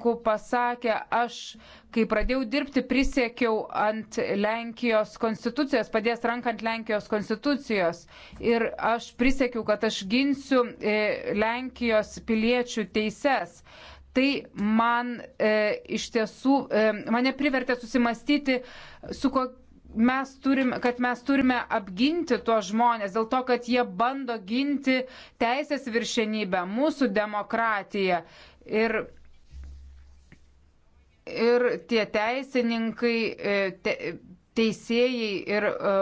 pasakė, aš, kai pradėjau dirbti, prisiekiau ant Lenkijos konstitucijos, padės ranką ant Lenkijos konstitucijos. Ir aš prisiekiau, kad aš ginsiu e, Lenkijos piliečių teises. Tai man e, iš tiesų, e, mane privertė susimastyti, su kokiu mes turime, kad mes turime apginti tuos žmonės, dėl to, kad jie bando ginti teisės viršenybę, mūsų demokratiją. Ir ir tie teisininkai, e, te, teisėjai ir e,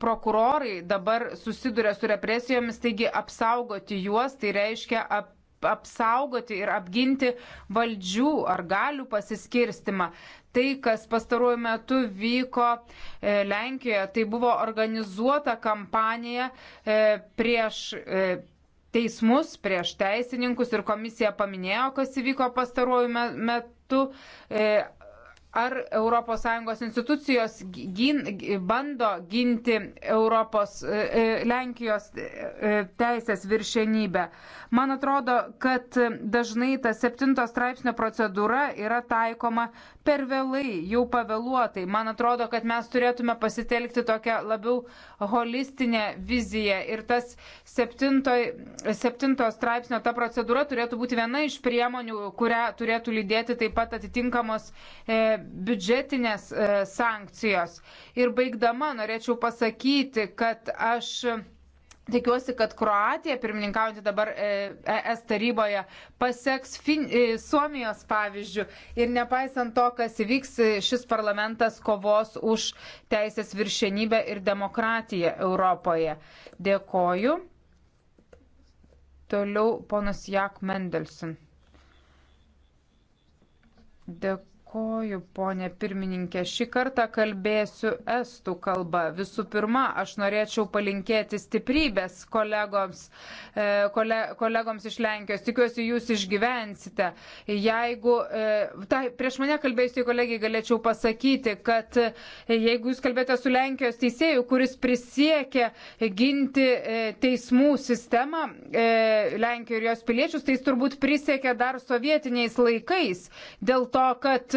prokurorai dabar susiduria su represijomis, taigi apsaugoti juos tai reiškia ap, apsaugoti ir apginti valdžių ar galių pasiskirstimą tai, kas pastaruoju metu vyko e, Lenkijoje, tai buvo organizuota kampanija prieš teismus, prieš teisininkus ir komisija paminėjo, kas įvyko pastaruoju metu. E, ar ES institucijos gyn, bando ginti Europos, e, e, Lenkijos e, teisės viršenybę. Man atrodo, kad dažnai ta septinto straipsnio procedūra yra taikoma per vėlai, jau pavėluotai. Man atrodo, kad mes turėtume pasitelkti tokią labiau holistinę viziją ir tas septinto, septinto straipsnio ta procedūra turėtų būti viena iš priemonių, kurią turėtų lydėti taip pat atitinkamos e, biudžetinės e, sankcijos. Ir baigdama norėčiau pasakyti, kad aš e, Tikiuosi, kad Kroatija, pirmininkaujantį dabar ES e taryboje, paseks fin, Suomijos pavyzdžių ir nepaisant to, kas įvyks, šis parlamentas kovos už teisės viršenybę ir demokratiją Europoje. Dėkoju. Toliau ponas Jak Mendelsin. Dėkoju. Dėkoju, ponė pirmininkė. Šį kartą kalbėsiu estų kalba. Visų pirma, aš norėčiau palinkėti stiprybės kolegoms, e, kole, kolegoms iš Lenkijos. Tikiuosi, jūs išgyvensite. Jeigu, tai, prieš mane kalbėjusiai kolegiai galėčiau pasakyti, kad e, jeigu jūs kalbėte su Lenkijos teisėju, kuris prisiekė ginti teismų sistemą Lenkijoje ir jos piliečius, tai jis turbūt prisiekė dar sovietiniais laikais. Dėl to, kad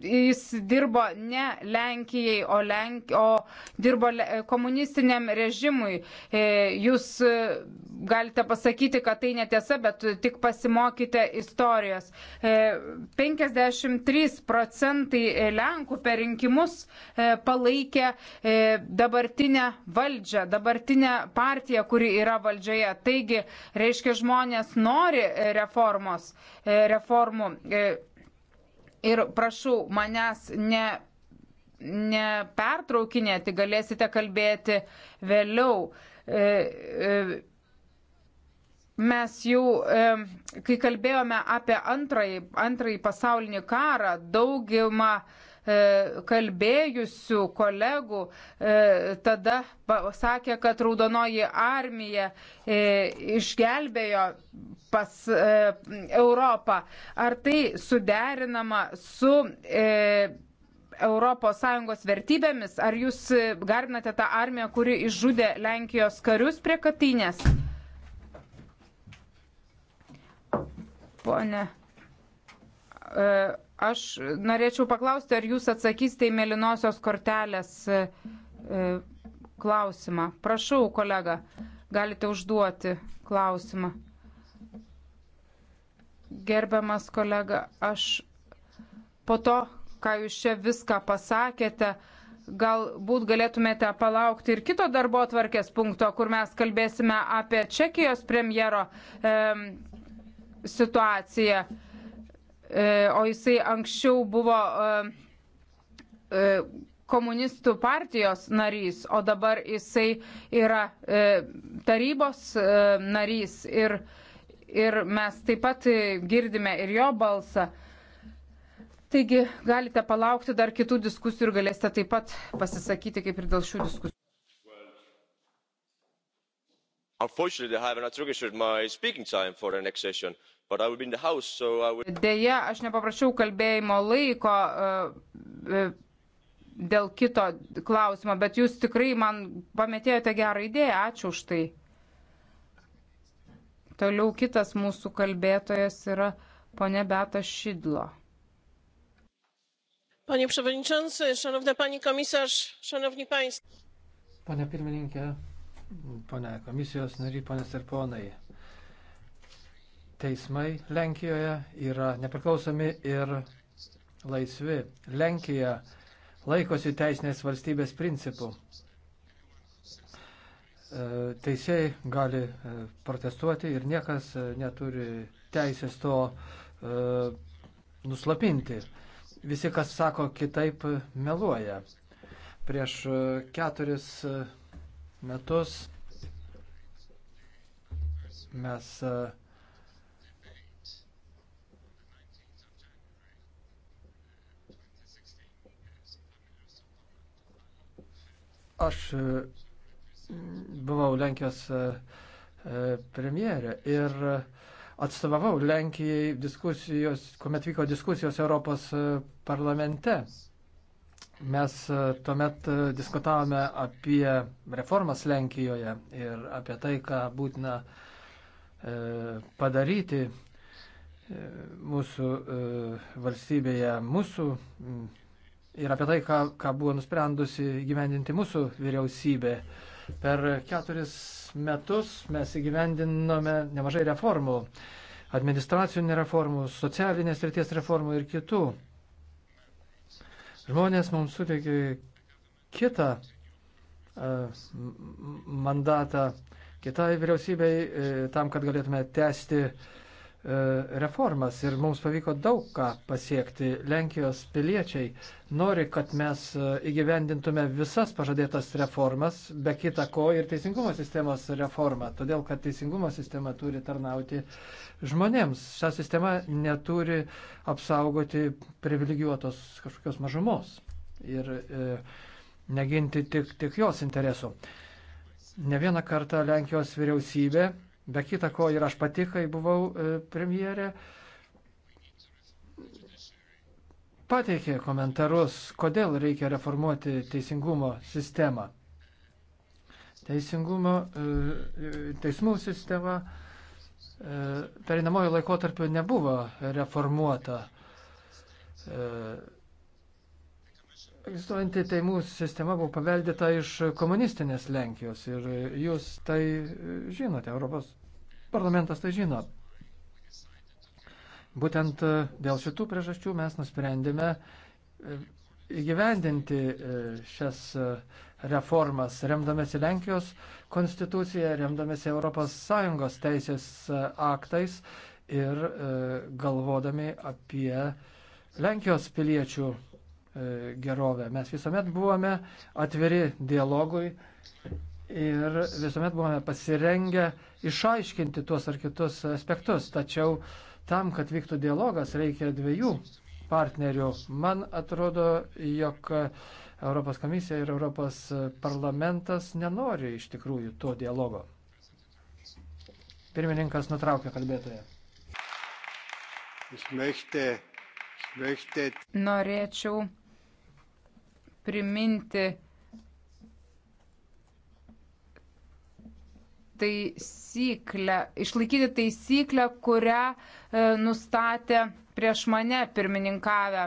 jis dirbo ne Lenkijai, o, Lenk, o dirbo komunistiniam režimui. E, jūs e, galite pasakyti, kad tai netiesa, bet tik pasimokite istorijos. 53 e, procentai Lenkų per rinkimus palaikė dabartinę valdžią, dabartinę partiją, kuri yra valdžioje. Taigi, reiškia, žmonės nori reformos, reformų. Ir prašau, manęs ne nepertraukinėti, galėsite kalbėti vėliau. E, e, mes jau, e, kai kalbėjome apie antrąjį, antrąjį pasaulinį karą, daugimą uh, E, kalbėjusių kolegų e, tada sakė, kad Raudonoji armija e, išgelbėjo pas Europą. Ar tai suderinama su ES vertybėmis? Ar jūs garbinate tą armiją, kuri išžudė Lenkijos karius prie Katinės? Pone. E, Aš norėčiau paklausti, ar jūs atsakysite į mėlynosios kortelės e, e, klausimą. Prašau, kolega, galite užduoti klausimą. Gerbiamas kolega, aš po to, ką jūs čia viską pasakėte, galbūt galėtumėte palaukti ir kito darbo atvarkės punkto, kur mes kalbėsime apie Čekijos premjero e, situaciją. E, o jisai anksčiau buvo e, e, komunistų partijos narys, o dabar jisai yra tarybos narys ir, ir mes taip pat girdime ir jo balsą. Taigi galite palaukti dar kitų diskusijų ir galėsite taip pat pasisakyti kaip ir dėl šių diskusijų. Unfortunately, I haven't triggered my speaking time for the next session house, so would... Deja, aš nepaprašiau kalbėjimo laiko uh, uh, dėl kito klausimo, bet jūs tikrai man pametėjote gerą idėją, ačiū už tai. Toliau kitas mūsų kalbėtojas yra ponia Beta Šidlo. Panie Przewodniczący, Szanowna Pani Komisarz, Szanowni Państwo. Pone pirmininkė, pone komisijos nariai, ponės ir ponai teismai Lenkijoje yra nepriklausomi ir laisvi. Lenkija laikosi teisinės valstybės principų. E, teisėjai gali e, protestuoti ir niekas e, neturi teisės to nuslapinti. Visi, kas sako kitaip, meluoja. Prieš keturis metus mes uh, Aš e, buvau Lenkijos e, e, premjerė ir atstovavau Lenkijai diskusijos, kuomet vyko diskusijos Europos parlamente. Mes tuomet diskutavome apie reformas Lenkijoje ir apie tai, ką būtina padaryti mūsų valstybėje, mūsų ir apie tai, ką, ką buvo nusprendusi gyvendinti mūsų vyriausybė. Per keturis metus mes įgyvendinome nemažai reformų, administracinių reformų, socialinės ryties reformų ir kitų. Žmonės mums suteikė kitą uh, mandatą kitai vyriausybei uh, tam, kad galėtume tęsti uh, E, reformas ir mums pavyko daug ką pasiekti. Lenkijos piliečiai nori, kad mes e, įgyvendintume visas pažadėtas reformas, be kita ko ir teisingumo sistemos reformą, todėl kad teisingumo sistema turi tarnauti žmonėms. Šią sistemą neturi apsaugoti privilegijuotos kažkokios mažumos ir e, neginti tik, tik jos interesų. Ne vieną kartą Lenkijos vyriausybė Be kita ko ir aš pati, kai buvau e, premjerė, pateikė komentarus, kodėl reikia reformuoti teisingumo sistemą. Teisingumo, e, teismų sistema e, perinamojo laikotarpiu nebuvo reformuota. Egzistuojanti teimų sistema buvo paveldėta iš komunistinės Lenkijos ir jūs tai žinote, Europos parlamentas tai žino. Būtent e, dėl šitų priežasčių mes nusprendėme e, įgyvendinti e, šias reformas, remdamėsi Lenkijos konstituciją, remdamėsi ES teisės aktais ir galvodami apie Lenkijos piliečių E, gerovę. Mes visuomet buvome atviri dialogui ir visuomet buvome pasirengę išaiškinti tuos ar kitus aspektus. Tačiau tam, kad vyktų dialogas, reikia dviejų partnerių. Man atrodo, jog Europos komisija ir Europos parlamentas nenori iš tikrųjų to dialogo. Pirmininkas nutraukė kalbėtoje. Norėčiau priminti taisyklę, išlaikyti taisyklę, kurią e, nustatė prieš mane pirmininkavę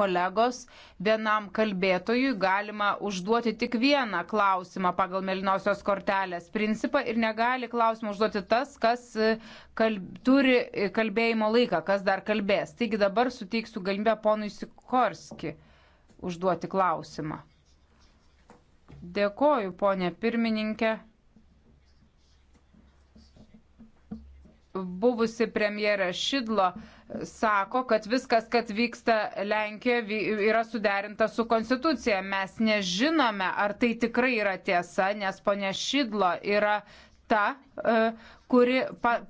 kolegos, vienam kalbėtojui galima užduoti tik vieną klausimą pagal melinosios kortelės principą ir negali klausimą užduoti tas, kas e, kalb, turi e, kalbėjimo laiką, kas dar kalbės. Taigi dabar suteiksiu galimybę ponui Sikorski užduoti klausimą. Dėkoju, ponė pirmininkė. Buvusi premjera Šidlo sako, kad viskas, kas vyksta Lenkijoje, yra suderinta su konstitucija. Mes nežinome, ar tai tikrai yra tiesa, nes ponė Šidlo yra ta, e, kuri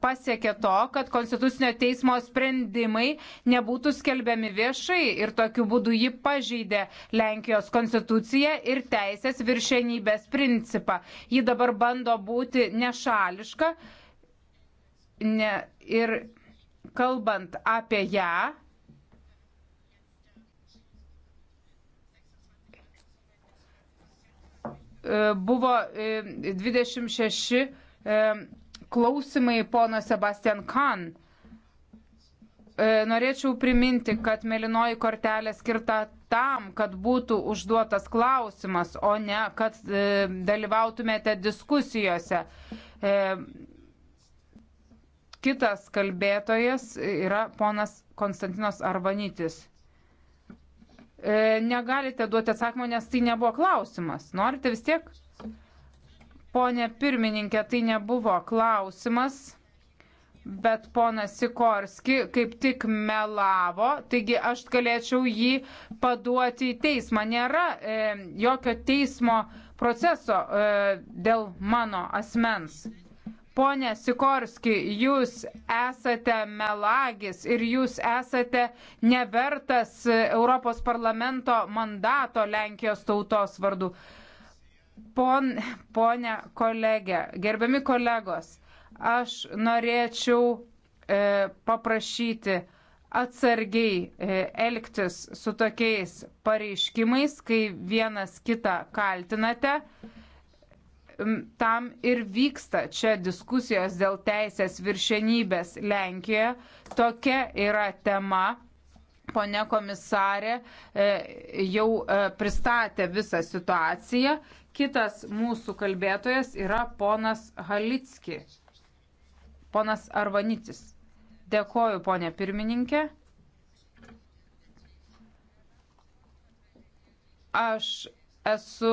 pasiekė to, kad Konstitucinio teismo sprendimai nebūtų skelbiami viešai ir tokiu būdu ji pažeidė Lenkijos konstituciją ir teisės viršenybės principą. Ji dabar bando būti nešališka ne, ir kalbant apie ją. E, buvo 26 e, E, klausimai pono Sebastian Kahn. E, norėčiau priminti, kad melinoji kortelė skirta tam, kad būtų užduotas klausimas, o ne kad e, dalyvautumėte diskusijose. Kitas kalbėtojas yra ponas Konstantinos Arvanytis negalite duoti atsakymo, nes tai nebuvo klausimas. Norite vis tiek? Pone pirmininkė, tai nebuvo klausimas, bet ponas Sikorski kaip tik melavo, taigi aš galėčiau jį paduoti į teismą. Nėra e, jokio teismo proceso e, dėl mano asmens. Pone Sikorski, jūs esate melagis ir jūs esate nevertas Europos parlamento mandato Lenkijos tautos vardu. Pon, ponia kolegė, gerbiami kolegos, aš norėčiau e, paprašyti atsargiai e, elgtis su tokiais pareiškimais, kai vienas kitą kaltinate. Tam ir vyksta čia diskusijos dėl teisės viršenybės Lenkijoje. Tokia yra tema. Pone komisarė e, jau e, pristatė visą situaciją Kitas mūsų kalbėtojas yra ponas Halicki, ponas Arvanitis. Dėkoju, ponė pirmininkė. Aš esu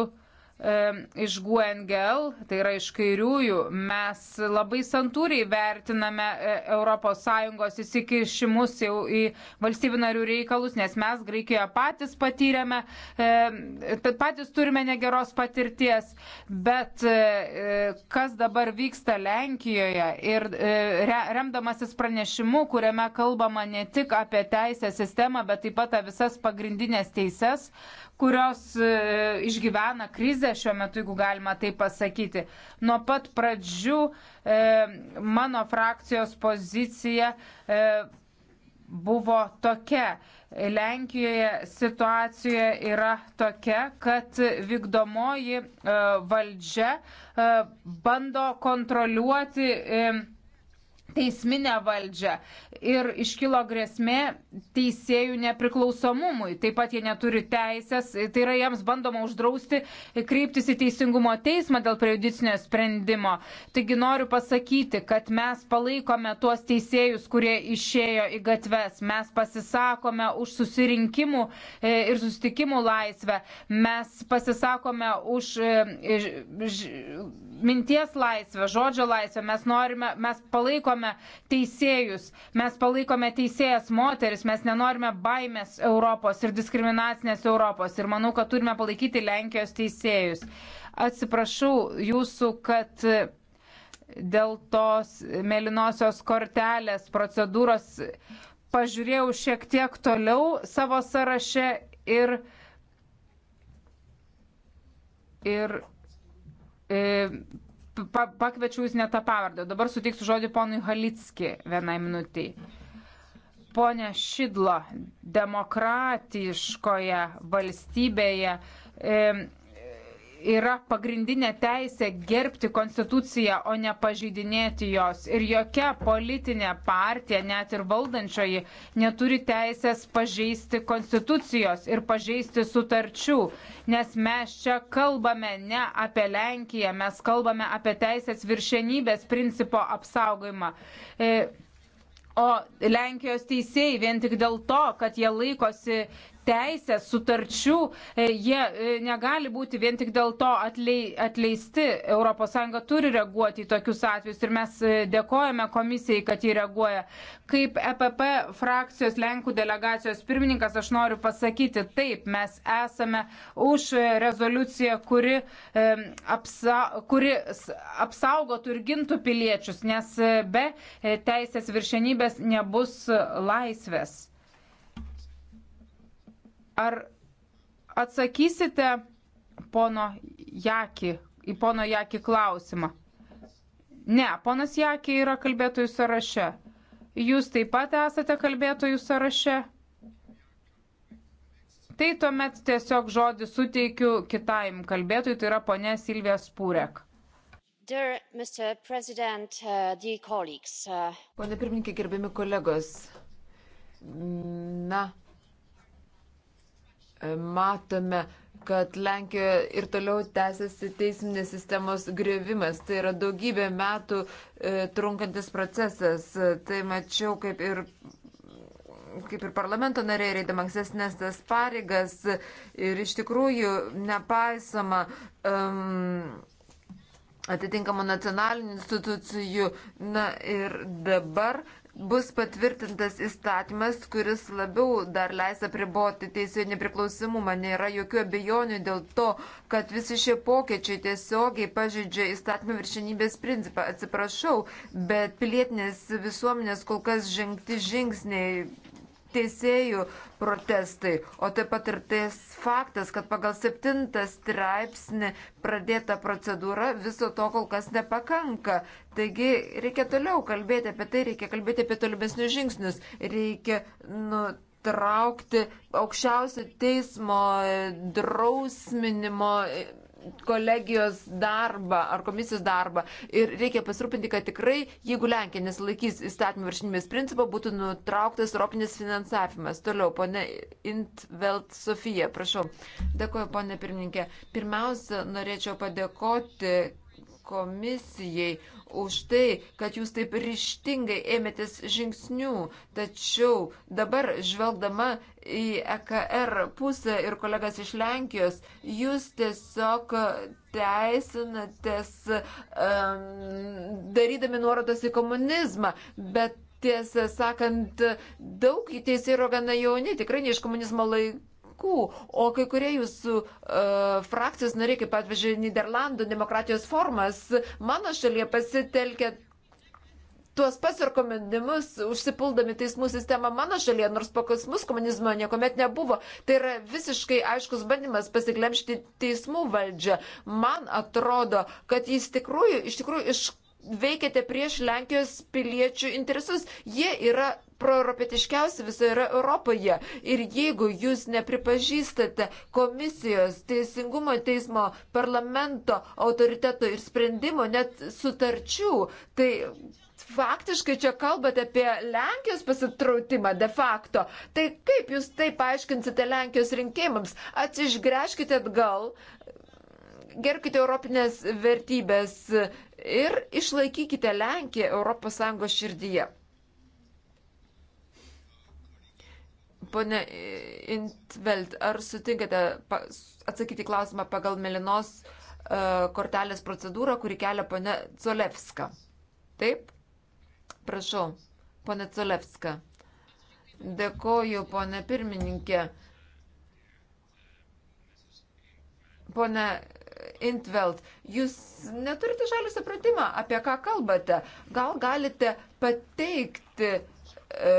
iš GUNGL, tai yra iš kairiųjų, mes labai santūriai vertiname ES įsikišimus jau į valstybių narių reikalus, nes mes Graikijoje patys patyrėme, patys turime negeros patirties, bet e, e, kas dabar vyksta Lenkijoje ir e, remdamasis pranešimu, kuriame kalbama ne tik apie teisę sistemą, bet taip pat visas pagrindinės teises, kurios e, išgyvena krizę šiuo metu, jeigu galima tai pasakyti. Nuo pat pradžių e, mano frakcijos pozicija e, buvo tokia. Lenkijoje situacija yra tokia, kad vykdomoji valdžia bando kontroliuoti teisminę valdžią ir iškilo grėsmė teisėjų nepriklausomumui. Taip pat jie neturi teisės, tai yra jiems bandoma uždrausti kreiptis į Teisingumo teismą dėl prejudicinio sprendimo. Taigi noriu pasakyti, kad mes palaikome tuos teisėjus, kurie išėjo į gatves, mes pasisakome už susirinkimų e, ir sustikimų laisvę, mes pasisakome už e, minties laisvę, žodžio laisvę, mes, norime, mes palaikome palaikome teisėjus, mes palaikome teisėjas moteris, mes nenorime baimės Europos ir diskriminacinės Europos ir manau, kad turime palaikyti Lenkijos teisėjus. Atsiprašau jūsų, kad dėl tos mėlynosios kortelės procedūros pažiūrėjau šiek tiek toliau savo sąraše ir, ir e, pa, pakviečiau jūs ne tą pavardę. Dabar suteiksiu žodį ponui Halicki vienai minutiai. Pone Šidlo, demokratiškoje valstybėje e, yra pagrindinė teisė gerbti konstituciją, o ne pažeidinėti jos. Ir jokia politinė partija, net ir valdančioji, neturi teisės pažeisti konstitucijos ir pažeisti sutarčių. Nes mes čia kalbame ne apie Lenkiją, mes kalbame apie teisės viršenybės principo apsaugojimą. E, O Lenkijos teisėjai vien tik dėl to, kad jie laikosi teisės, sutarčių, e, jie e, negali būti vien tik dėl to atleisti. ES turi reaguoti į tokius atvejus ir mes e, dėkojame komisijai, kad jį reaguoja. Kaip EPP frakcijos Lenkų delegacijos pirmininkas aš noriu pasakyti, taip, mes esame už rezoliuciją, kuri, apsa, kuri apsaugotų ir gintų piliečius, nes be teisės viršenybės nebus laisvės. Ar atsakysite pono Jaki, į pono Jaki klausimą? Ne, ponas Jaki yra kalbėtojų sąraše. Jūs taip pat esate kalbėtojų sąraše. Tai tuomet tiesiog žodį suteikiu kitam kalbėtojui, tai yra ponė Silvija Spūrek. Uh, uh, Pone pirmininkė, gerbiami kolegos, na, matome, kad Lenkijoje ir toliau tęsiasi teisminės sistemos grėvimas. Tai yra daugybė metų e, trunkantis procesas. Tai mačiau, kaip ir, kaip ir parlamento nariai, reidam ankstesnės tas pareigas ir iš tikrųjų nepaisoma. Um, atitinkamų nacionalinių institucijų. Na ir dabar bus patvirtintas įstatymas, kuris labiau dar leis apriboti teisėjų nepriklausomumą. Nėra jokių abejonių dėl to, kad visi šie pokyčiai tiesiogiai pažydžia įstatymų viršinybės principą. Atsiprašau, bet pilietinės visuomenės kol kas žengti žingsniai teisėjų protestai, o taip pat ir tas faktas, kad pagal septintą straipsnį pradėta procedūra viso to kol kas nepakanka. Taigi reikia toliau kalbėti apie tai, reikia kalbėti apie tolimesnius žingsnius, reikia nutraukti aukščiausio teismo drausminimo kolegijos darbą ar komisijos darbą ir reikia pasirūpinti, kad tikrai, jeigu Lenkija nesilaikys įstatymų viršinimės principo, būtų nutrauktas europinis finansavimas. Toliau, ponė Intvelt Sofija, prašau. Dėkuoju, ponė pirmininkė. Pirmiausia, norėčiau padėkoti komisijai už tai, kad jūs taip ryštingai ėmėtės žingsnių. Tačiau dabar žvelgdama į EKR pusę ir kolegas iš Lenkijos, jūs tiesiog teisinatės um, darydami nuorodas į komunizmą. Bet tiesą sakant, daug teisėjų yra gana jauni, tikrai ne iš komunizmo laikų vaikų, o kai kurie jūsų uh, frakcijos nariai, kaip pavyzdžiui, Niderlandų demokratijos formas, mano šalyje pasitelkė tuos pasirekomendimus, užsipuldami teismų sistemą mano šalyje, nors po kosmus komunizmo niekuomet nebuvo. Tai yra visiškai aiškus bandymas pasiglemšti teismų valdžią. Man atrodo, kad jis tikrųjų, iš tikrųjų iš veikiate prieš Lenkijos piliečių interesus. Jie yra proeuropietiškiausi visoje yra Europoje. Ir jeigu jūs nepripažįstate komisijos, teisingumo teismo, parlamento autoriteto ir sprendimo, net sutarčių, tai faktiškai čia kalbate apie Lenkijos pasitrautimą de facto. Tai kaip jūs tai paaiškinsite Lenkijos rinkėjams? Atsižgreškite atgal, gerbkite europinės vertybės ir išlaikykite Lenkiją ES širdyje. Pone Intveld, ar sutinkate atsakyti klausimą pagal Melinos e, kortelės procedūrą, kuri kelia pone Zolevska? Taip? Prašau, pone Zolevska. Dėkoju, pone pirmininkė. Pone Intveld, jūs neturite žalį supratimą, apie ką kalbate. Gal galite pateikti E,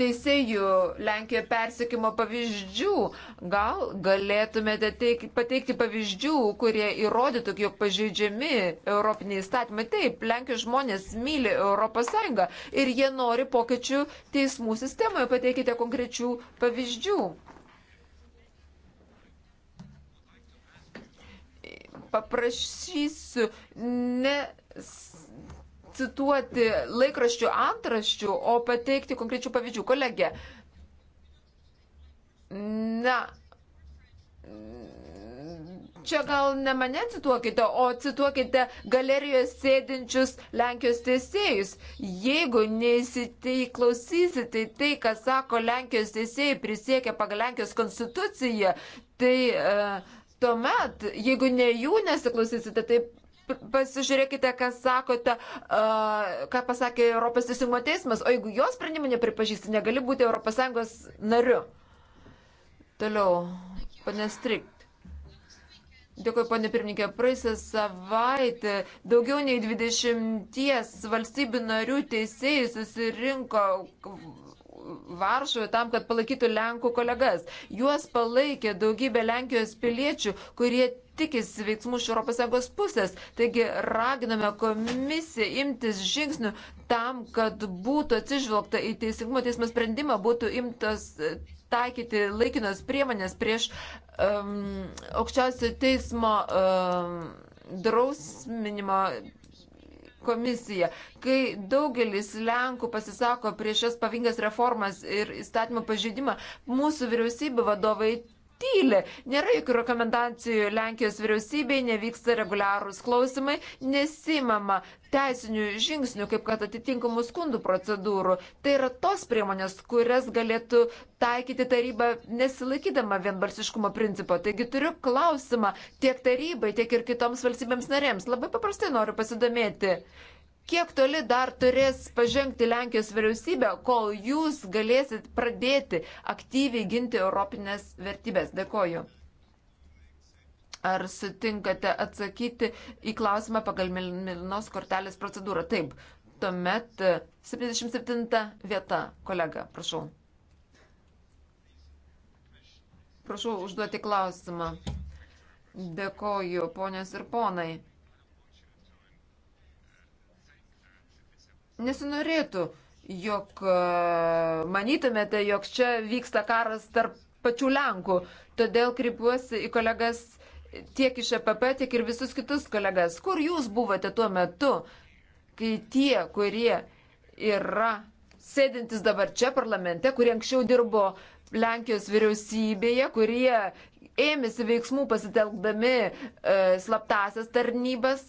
teisėjų Lenkijoje persikimo pavyzdžių. Gal galėtumėte teik, pateikti pavyzdžių, kurie įrodytų, jog pažeidžiami Europiniai įstatymai. Taip, Lenkijos žmonės myli ES ir jie nori pokyčių teismų sistemoje. Pateikite konkrečių pavyzdžių. Paprašysiu, ne cituoti laikraščių antraščių, o pateikti konkrečių pavyzdžių. Kolegė, na, čia gal ne mane cituokite, o cituokite galerijoje sėdinčius Lenkijos teisėjus. Jeigu neįsiteiklausysite tai, ką sako Lenkijos teisėjai prisiekia pagal Lenkijos konstituciją, tai uh, tuomet, jeigu ne jų nesiklausysite, tai pasižiūrėkite, kas sakote, ką pasakė Europos teisingumo teismas, o jeigu jo sprendimą nepripažįsti, negali būti ES nariu. Toliau, panestrikt. Dėkuoju, ponė pirmininkė. Praėjusią savaitę daugiau nei 20 valstybių narių teisėjai susirinko Varšuvoje tam, kad palaikytų Lenkų kolegas. Juos palaikė daugybė Lenkijos piliečių, kurie tikisi veiksmų iš ES pusės. Taigi raginame komisiją imtis žingsnių tam, kad būtų atsižvelgta į teisingumo teismo sprendimą, būtų imtas e, taikyti laikinos priemonės prieš um, aukščiausio teismo um, drausminimo komisija. Kai daugelis Lenkų pasisako prieš šias pavingas reformas ir įstatymų pažydimą, mūsų vyriausybė vadovai tyli. Nėra jokių rekomendacijų Lenkijos vyriausybei, nevyksta reguliarūs klausimai, nesimama teisinių žingsnių, kaip kad atitinkamų skundų procedūrų. Tai yra tos priemonės, kurias galėtų taikyti taryba nesilaikydama vienbarsiškumo principo. Taigi turiu klausimą tiek tarybai, tiek ir kitoms valstybėms narėms. Labai paprastai noriu pasidomėti. Kiek toli dar turės pažengti Lenkijos vyriausybė, kol jūs galėsit pradėti aktyviai ginti europinės vertybės? Dėkoju. Ar sutinkate atsakyti į klausimą pagal Milinos kortelės procedūrą? Taip. Tuomet 77 e, vieta, kolega, prašau. Prašau užduoti klausimą. Dėkoju, ponios ir ponai. nesinorėtų, jog e, manytumėte, jog čia vyksta karas tarp pačių Lenkų. Todėl kreipiuosi į kolegas tiek iš EPP, tiek ir visus kitus kolegas. Kur jūs buvote tuo metu, kai tie, kurie yra sėdintis dabar čia parlamente, kurie anksčiau dirbo Lenkijos vyriausybėje, kurie ėmėsi veiksmų pasitelkdami e, slaptasias tarnybas,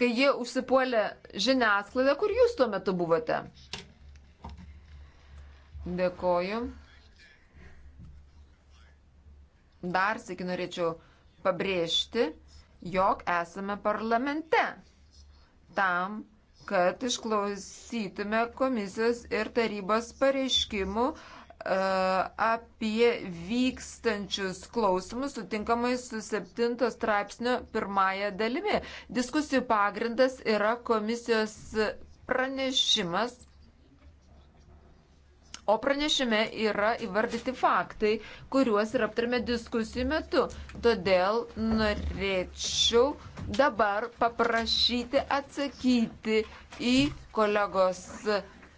kai jie užsipuolė žiniasklaidą, kur jūs tuo metu buvote. Dėkoju. Dar sėki norėčiau pabrėžti, jog esame parlamente tam, kad išklausytume komisijos ir tarybos pareiškimų uh, apie vykstančius klausimus sutinkamai su 7 straipsnio pirmąją dalimi. Diskusijų pagrindas yra komisijos pranešimas, o pranešime yra įvardyti faktai, kuriuos ir aptarėme diskusijų metu. Todėl norėčiau dabar paprašyti atsakyti į kolegos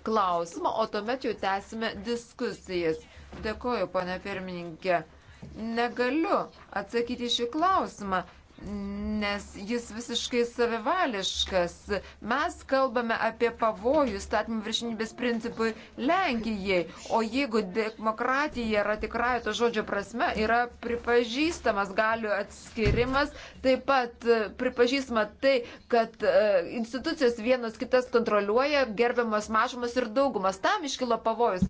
klausimą, o tuomet jau tęsime diskusijas. Dėkoju, pane pirmininkė. Negaliu atsakyti šį klausimą, nes jis visiškai savivališkas. Mes kalbame apie pavojų statymų viršinybės principui Lenkijai, o jeigu demokratija yra tikrai to žodžio prasme, yra pripažįstamas galių atskirimas, taip pat e, pripažįstama tai, kad e, institucijos vienas kitas kontroliuoja, gerbiamas mažumas ir daugumas. Tam iškilo pavojus.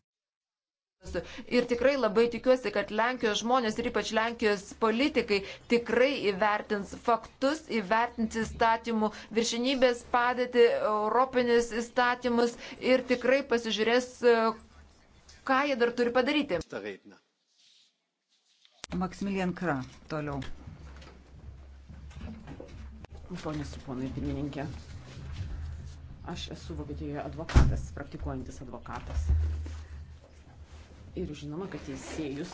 Ir tikrai labai tikiuosi, kad Lenkijos žmonės ir ypač Lenkijos politikai tikrai įvertins faktus, įvertins įstatymų viršinybės padėti, europinius įstatymus ir tikrai pasižiūrės, ką jie dar turi padaryti. Maksimilian Kra, toliau. Ponės ir ponai pirmininkė, aš esu Vokietijoje advokatas, praktikuojantis advokatas. Ir žinoma, kad teisėjus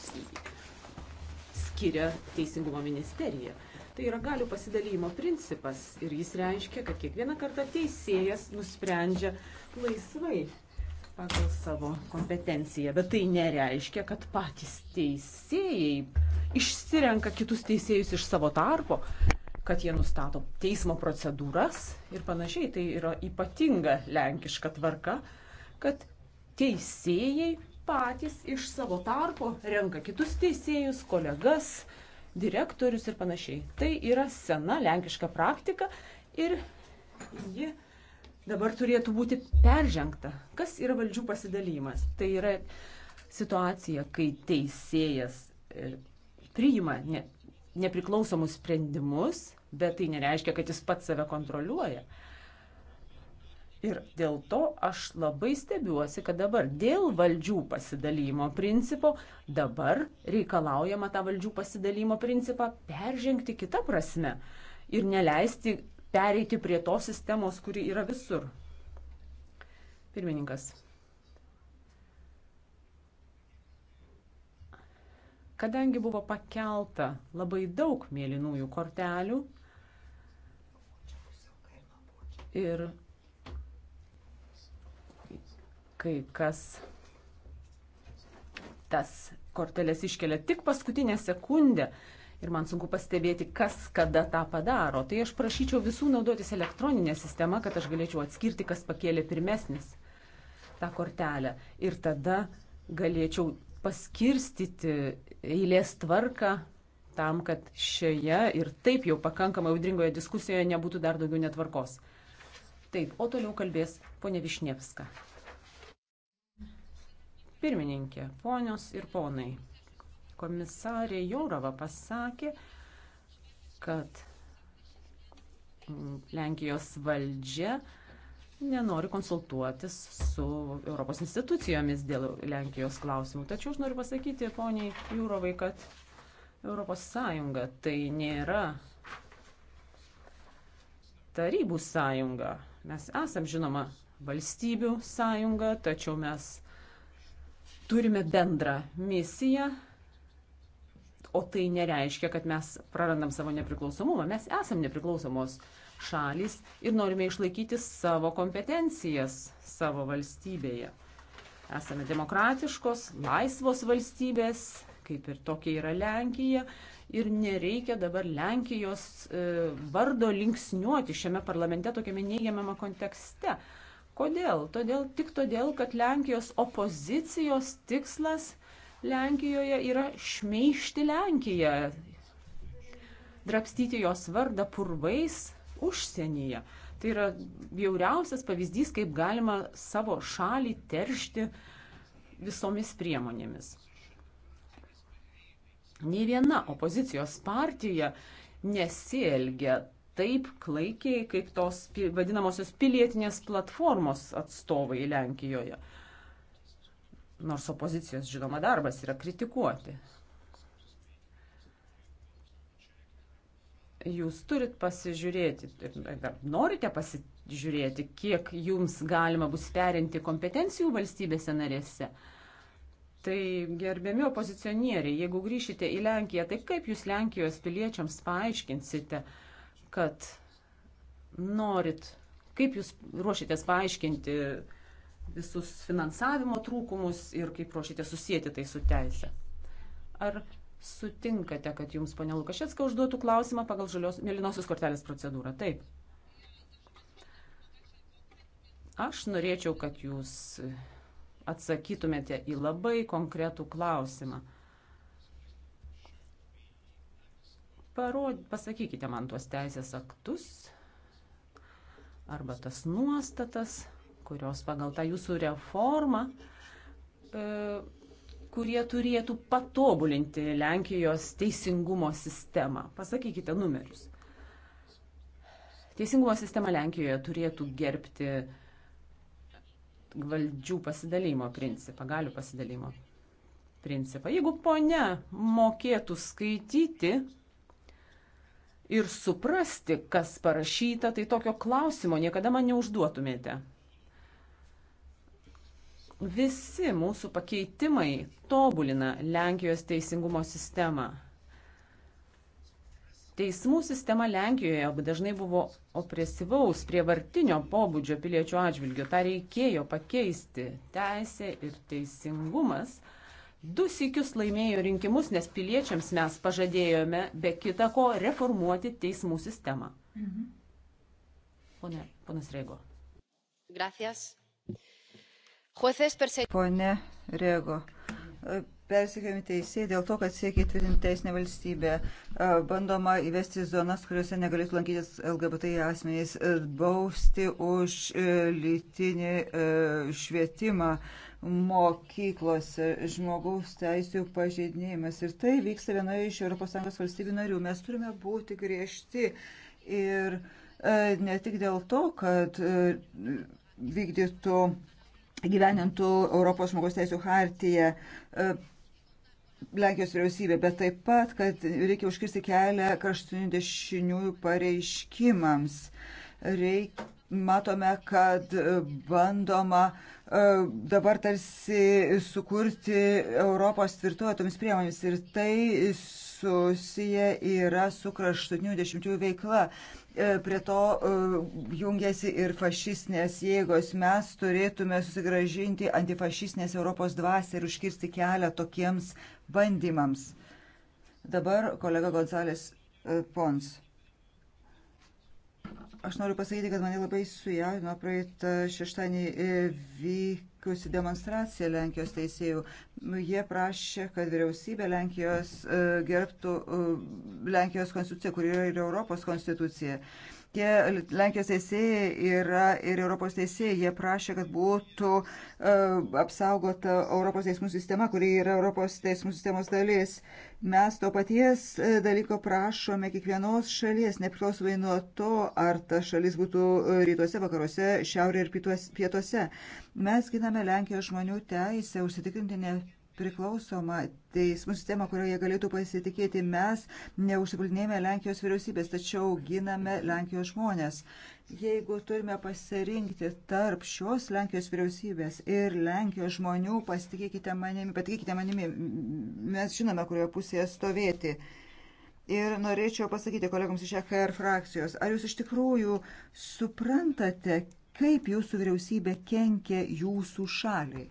skiria Teisingumo ministerija. Tai yra galių pasidalymo principas ir jis reiškia, kad kiekvieną kartą teisėjas nusprendžia laisvai pagal savo kompetenciją. Bet tai nereiškia, kad patys teisėjai išsirenka kitus teisėjus iš savo tarpo, kad jie nustato teismo procedūras ir panašiai. Tai yra ypatinga lenkiška tvarka, kad teisėjai patys iš savo tarpo renka kitus teisėjus, kolegas, direktorius ir panašiai. Tai yra sena lenkiška praktika ir ji dabar turėtų būti peržengta. Kas yra valdžių pasidalymas? Tai yra situacija, kai teisėjas e, priima ne, nepriklausomus sprendimus, bet tai nereiškia, kad jis pats save kontroliuoja. Ir dėl to aš labai stebiuosi, kad dabar dėl valdžių pasidalymo principo dabar reikalaujama tą valdžių pasidalymo principą peržengti kitą prasme ir neleisti pereiti prie tos sistemos, kuri yra visur. Pirmininkas. Kadangi buvo pakelta labai daug mėlynųjų kortelių ir kai kas tas korteles iškelia tik paskutinę sekundę ir man sunku pastebėti, kas kada tą padaro. Tai aš prašyčiau visų naudotis elektroninę sistemą, kad aš galėčiau atskirti, kas pakėlė pirmesnis tą kortelę. Ir tada galėčiau paskirstyti eilės tvarką tam, kad šioje ir taip jau pakankamai audringoje diskusijoje nebūtų dar daugiau netvarkos. Taip, o toliau kalbės ponė Višnievska. Pirmininkė, ponios ir ponai, komisarė Jaurova pasakė, kad Lenkijos valdžia nenori konsultuotis su Europos institucijomis dėl Lenkijos klausimų. Tačiau aš noriu pasakyti, poniai Jūrovai, kad Europos Sąjunga tai nėra tarybų sąjunga. Mes esam, žinoma, valstybių sąjunga, tačiau mes turime bendrą misiją, o tai nereiškia, kad mes prarandam savo nepriklausomumą. Mes esam nepriklausomos šalis ir norime išlaikyti savo kompetencijas savo valstybėje. Esame demokratiškos, laisvos valstybės, kaip ir tokia yra Lenkija. Ir nereikia dabar Lenkijos e, vardo linksniuoti šiame parlamente tokiame neigiamame kontekste. Kodėl? Todėl, tik todėl, kad Lenkijos opozicijos tikslas Lenkijoje yra šmeišti Lenkiją, drapstyti jos vardą purvais užsienyje. Tai yra jauriausias pavyzdys, kaip galima savo šalį teršti visomis priemonėmis. Nei viena opozicijos partija nesielgia taip klaikiai kaip tos vadinamosios pilietinės platformos atstovai Lenkijoje. Nors opozicijos, žinoma, darbas yra kritikuoti. Jūs turit pasižiūrėti, norite pasižiūrėti, kiek jums galima bus perinti kompetencijų valstybėse narėse. Tai gerbiami opozicionieriai, jeigu grįšite į Lenkiją, tai kaip jūs Lenkijos piliečiams paaiškinsite, uh, kad norit, kaip jūs ruošitės paaiškinti visus finansavimo trūkumus ir kaip ruošitės susijęti tai su teise. Ar sutinkate, kad jums, ponia Lukašetska, užduotų klausimą pagal žalios, mėlynosios kortelės procedūrą? Taip. Aš norėčiau, kad jūs atsakytumėte į labai konkretų klausimą. Parod, pasakykite man tuos teisės aktus arba tas nuostatas, kurios pagal tą jūsų reformą, e, kurie turėtų patobulinti Lenkijos teisingumo sistemą. Pasakykite numerius. Teisingumo sistema Lenkijoje turėtų gerbti valdžių pasidalymo principą, galių pasidalymo principą. Jeigu ponia mokėtų skaityti, ir suprasti, kas parašyta, tai tokio klausimo niekada man neužduotumėte. Visi mūsų pakeitimai tobulina Lenkijos teisingumo sistemą. Teismų sistema Lenkijoje dažnai buvo opresyvaus, prievartinio pobūdžio piliečių atžvilgių. Ta reikėjo pakeisti. Teisė ir teisingumas Du sikius laimėjo rinkimus, nes piliečiams mes pažadėjome be kita ko reformuoti teismų sistemą. Mhm. Pone, ponas Rego. Gracias. Jueces perse... Pone Rego. Persikėjami teisėjai dėl to, kad siekia įtvirtinti teisinę valstybę. Bandoma įvesti zonas, kuriuose negalėtų lankytis LGBT asmenys, bausti už e, lytinį e, švietimą mokyklose, žmogaus teisų pažeidinėjimas. Ir tai vyksta vienoje iš ES valstybių narių. Mes turime būti griežti ir e, ne tik dėl to, kad e, vykdytų gyvenintų Europos žmogaus teisų hartiją e, Lenkijos vyriausybė, bet taip pat, kad reikia užkirsti kelią kraštutinių dešiniųjų pareiškimams. Reikia matome, kad bandoma e, dabar tarsi sukurti Europos tvirtovę toms priemonėms ir tai susiję yra su kraštutinių dešimtųjų veikla. E, prie to e, jungiasi ir fašistinės jėgos. Mes turėtume susigražinti antifašistinės Europos dvasę ir užkirsti kelią tokiems bandymams. Dabar kolega Gonzalės Pons. Aš noriu pasakyti, kad mane labai sujaudino praeitą šeštąjį e, vykusi demonstracija Lenkijos teisėjų. Jie prašė, kad vyriausybė Lenkijos e, gerbtų e, Lenkijos konstituciją, kuri yra ir Europos konstitucija. Uh, Tie Lenkijos teisėjai yra ir Europos teisėjai. Jie prašė, kad būtų uh, apsaugota Europos teismų sistema, kuri yra Europos teismų sistemos dalis. Mes to paties e, dalyko prašome kiekvienos šalies, nepriklausomai nuo to, ar ta šalis būtų e, rytuose, vakaruose, šiaurėje ir pietuose. Mes giname Lenkijos žmonių teisę užsitikrinti ne nepriklausomą teismų sistemą, kurioje galėtų pasitikėti. Mes neužsipulinėjame Lenkijos vyriausybės, tačiau giname Lenkijos žmonės. Jeigu turime pasirinkti tarp šios Lenkijos vyriausybės ir Lenkijos žmonių, pasitikėkite manimi, patikėkite manimi, mes žinome, kurioje pusėje stovėti. Ir norėčiau pasakyti kolegams iš EKR frakcijos, ar jūs iš tikrųjų suprantate, kaip jūsų vyriausybė kenkia jūsų šaliai?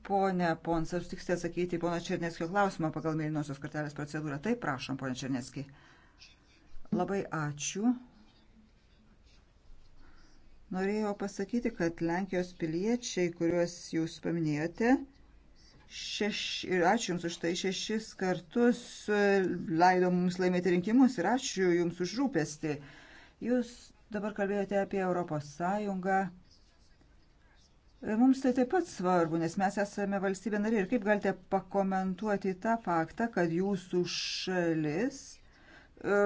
Pone Pons, ar sutiksite atsakyti į pono Černeskio klausimą pagal mėlynosios kortelės procedūrą? Taip, prašom, pone Černeski. Labai ačiū. Norėjau pasakyti, kad Lenkijos piliečiai, kuriuos jūs paminėjote, šeš, ir ačiū Jums už tai šešis kartus leido mums laimėti rinkimus ir ačiū Jums už rūpestį. Jūs Dabar kalbėjote apie Europos Sąjungą. Mums tai taip pat svarbu, nes mes esame valstybė nariai. Ir kaip galite pakomentuoti tą faktą, kad jūsų šalis, e,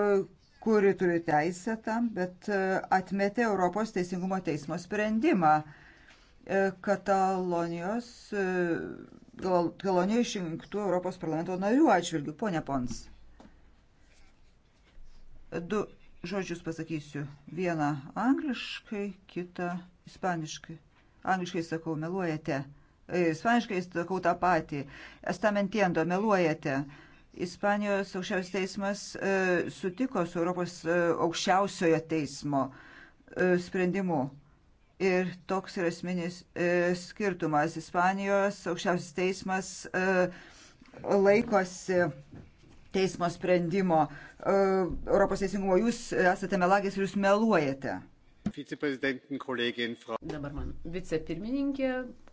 kuri turi teisę tam, bet e, atmetė Europos Teisingumo teismo sprendimą e, Katalonijos, Katalonijoje išrinktų Europos parlamento narių atžvilgių. Pone Pons. Du žodžius pasakysiu. Vieną angliškai, kitą ispaniškai. Angliškai sakau, meluojate. E, ispaniškai sakau tą patį. Estamentiendo, meluojate. Ispanijos aukščiausias teismas e, sutiko su Europos e, aukščiausiojo teismo e, sprendimu. Ir toks yra esminis e, skirtumas. Ispanijos aukščiausias teismas e, laikosi teismo sprendimo e, Europos teisingumo. Jūs esate melagis ir jūs meluojate. Dabar man vicepirmininkė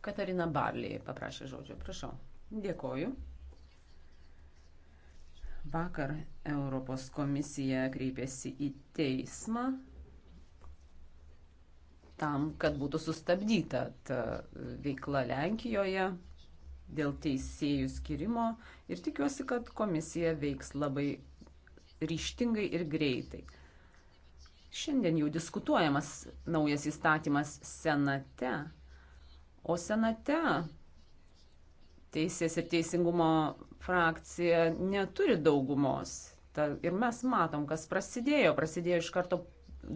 Katarina Barlė paprašė žodžio. Prašau. Dėkoju. Vakar Europos komisija kreipėsi į teismą tam, kad būtų sustabdyta ta veikla Lenkijoje dėl teisėjų skirimo ir tikiuosi, kad komisija veiks labai ryštingai ir greitai. Šiandien jau diskutuojamas naujas įstatymas Senate, o Senate Teisės ir Teisingumo frakcija neturi daugumos. Ta, ir mes matom, kas prasidėjo. Prasidėjo iš karto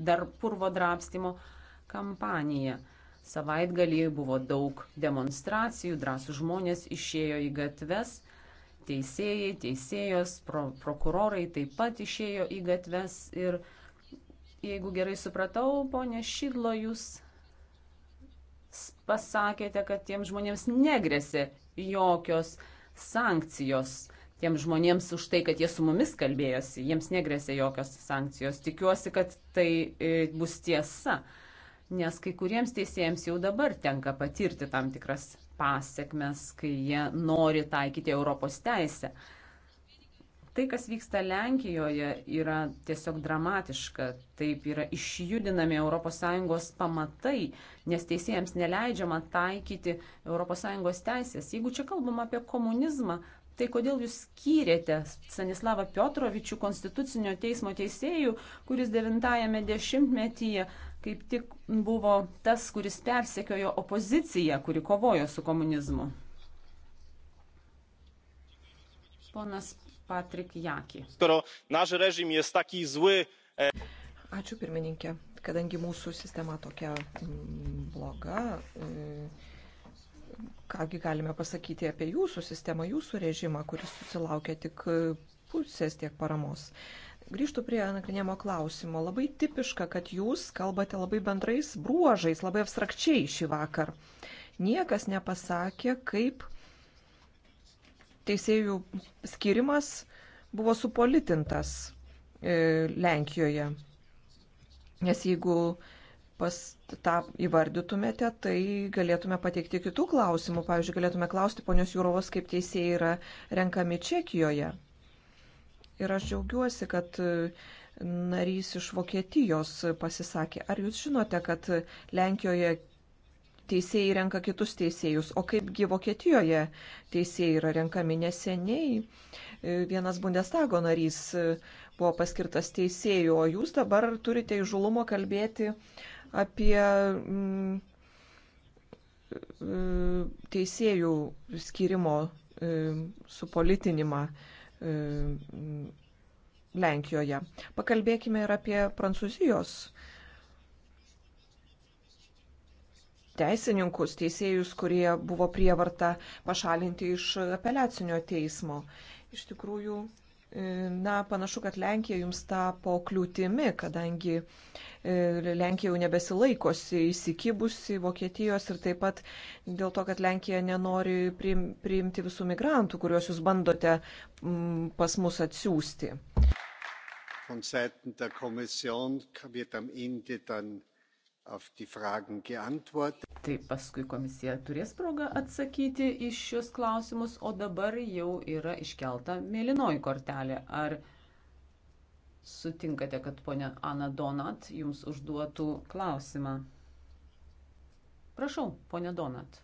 dar purvo drapstimo kampanija. Savaitgalį buvo daug demonstracijų, drąsų žmonės išėjo į gatves, teisėjai, teisėjos, pro, prokurorai taip pat išėjo į gatves ir jeigu gerai supratau, ponė Šidlo, jūs pasakėte, kad tiems žmonėms negresė jokios sankcijos. Tiems žmonėms už tai, kad jie su mumis kalbėjosi, jiems negresė jokios sankcijos. Tikiuosi, kad tai e, bus tiesa nes kai kuriems teisėjams jau dabar tenka patirti tam tikras pasiekmes, kai jie nori taikyti Europos teisę. Tai, kas vyksta Lenkijoje, yra tiesiog dramatiška. Taip yra išjudinami ES pamatai, nes teisėjams neleidžiama taikyti ES teisės. Jeigu čia kalbam apie komunizmą, tai kodėl jūs skyrėte Stanislavą Piotrovičių konstitucinio teismo teisėjų, kuris 90-metyje kaip tik buvo tas, kuris persekiojo opoziciją, kuri kovojo su komunizmu. Ponas Patrik Jaki. E, Ačiū pirmininkė, kadangi mūsų sistema tokia mm, bloga. E, kągi galime pasakyti apie jūsų sistemą, jūsų režimą, kuris susilaukia tik pusės tiek paramos. Grįžtų prie nagrinėjimo klausimo. Labai tipiška, kad jūs kalbate labai bendrais bruožais, labai abstrakčiai šį vakar. Niekas nepasakė, kaip teisėjų skirimas buvo supolitintas e, Lenkijoje. Nes jeigu pas tą įvardytumėte, tai galėtume pateikti kitų klausimų. Pavyzdžiui, galėtume klausti ponios Jūrovos, kaip teisėjai yra renkami Čekijoje. Ir aš džiaugiuosi, kad e, narys iš Vokietijos pasisakė. Ar jūs žinote, kad Lenkijoje teisėjai renka kitus teisėjus, o kaipgi Vokietijoje teisėjai yra renkami neseniai. E, vienas Bundestago narys e, buvo paskirtas teisėjų, o jūs dabar turite įžulumo kalbėti apie mm, teisėjų skirimo mm, supolitinimą. Mm, E, Lenkijoje. Pakalbėkime ir apie Prancūzijos teisininkus, teisėjus, kurie buvo prievarta pašalinti iš apeliacinio teismo. Iš tikrųjų, Na, panašu, kad Lenkija jums tapo kliūtimi, kadangi e, Lenkija jau nebesilaikosi įsikibusi Vokietijos ir taip pat dėl to, kad Lenkija nenori priimti visų migrantų, kuriuos jūs bandote pas mus atsiųsti. Von Seiten der Kommission wird am Ende dann Taip, paskui komisija turės progą atsakyti iš šios klausimus, o dabar jau yra iškelta mėlynoji kortelė. Ar sutinkate, kad ponia Ana Donat jums užduotų klausimą? Prašau, ponia Donat.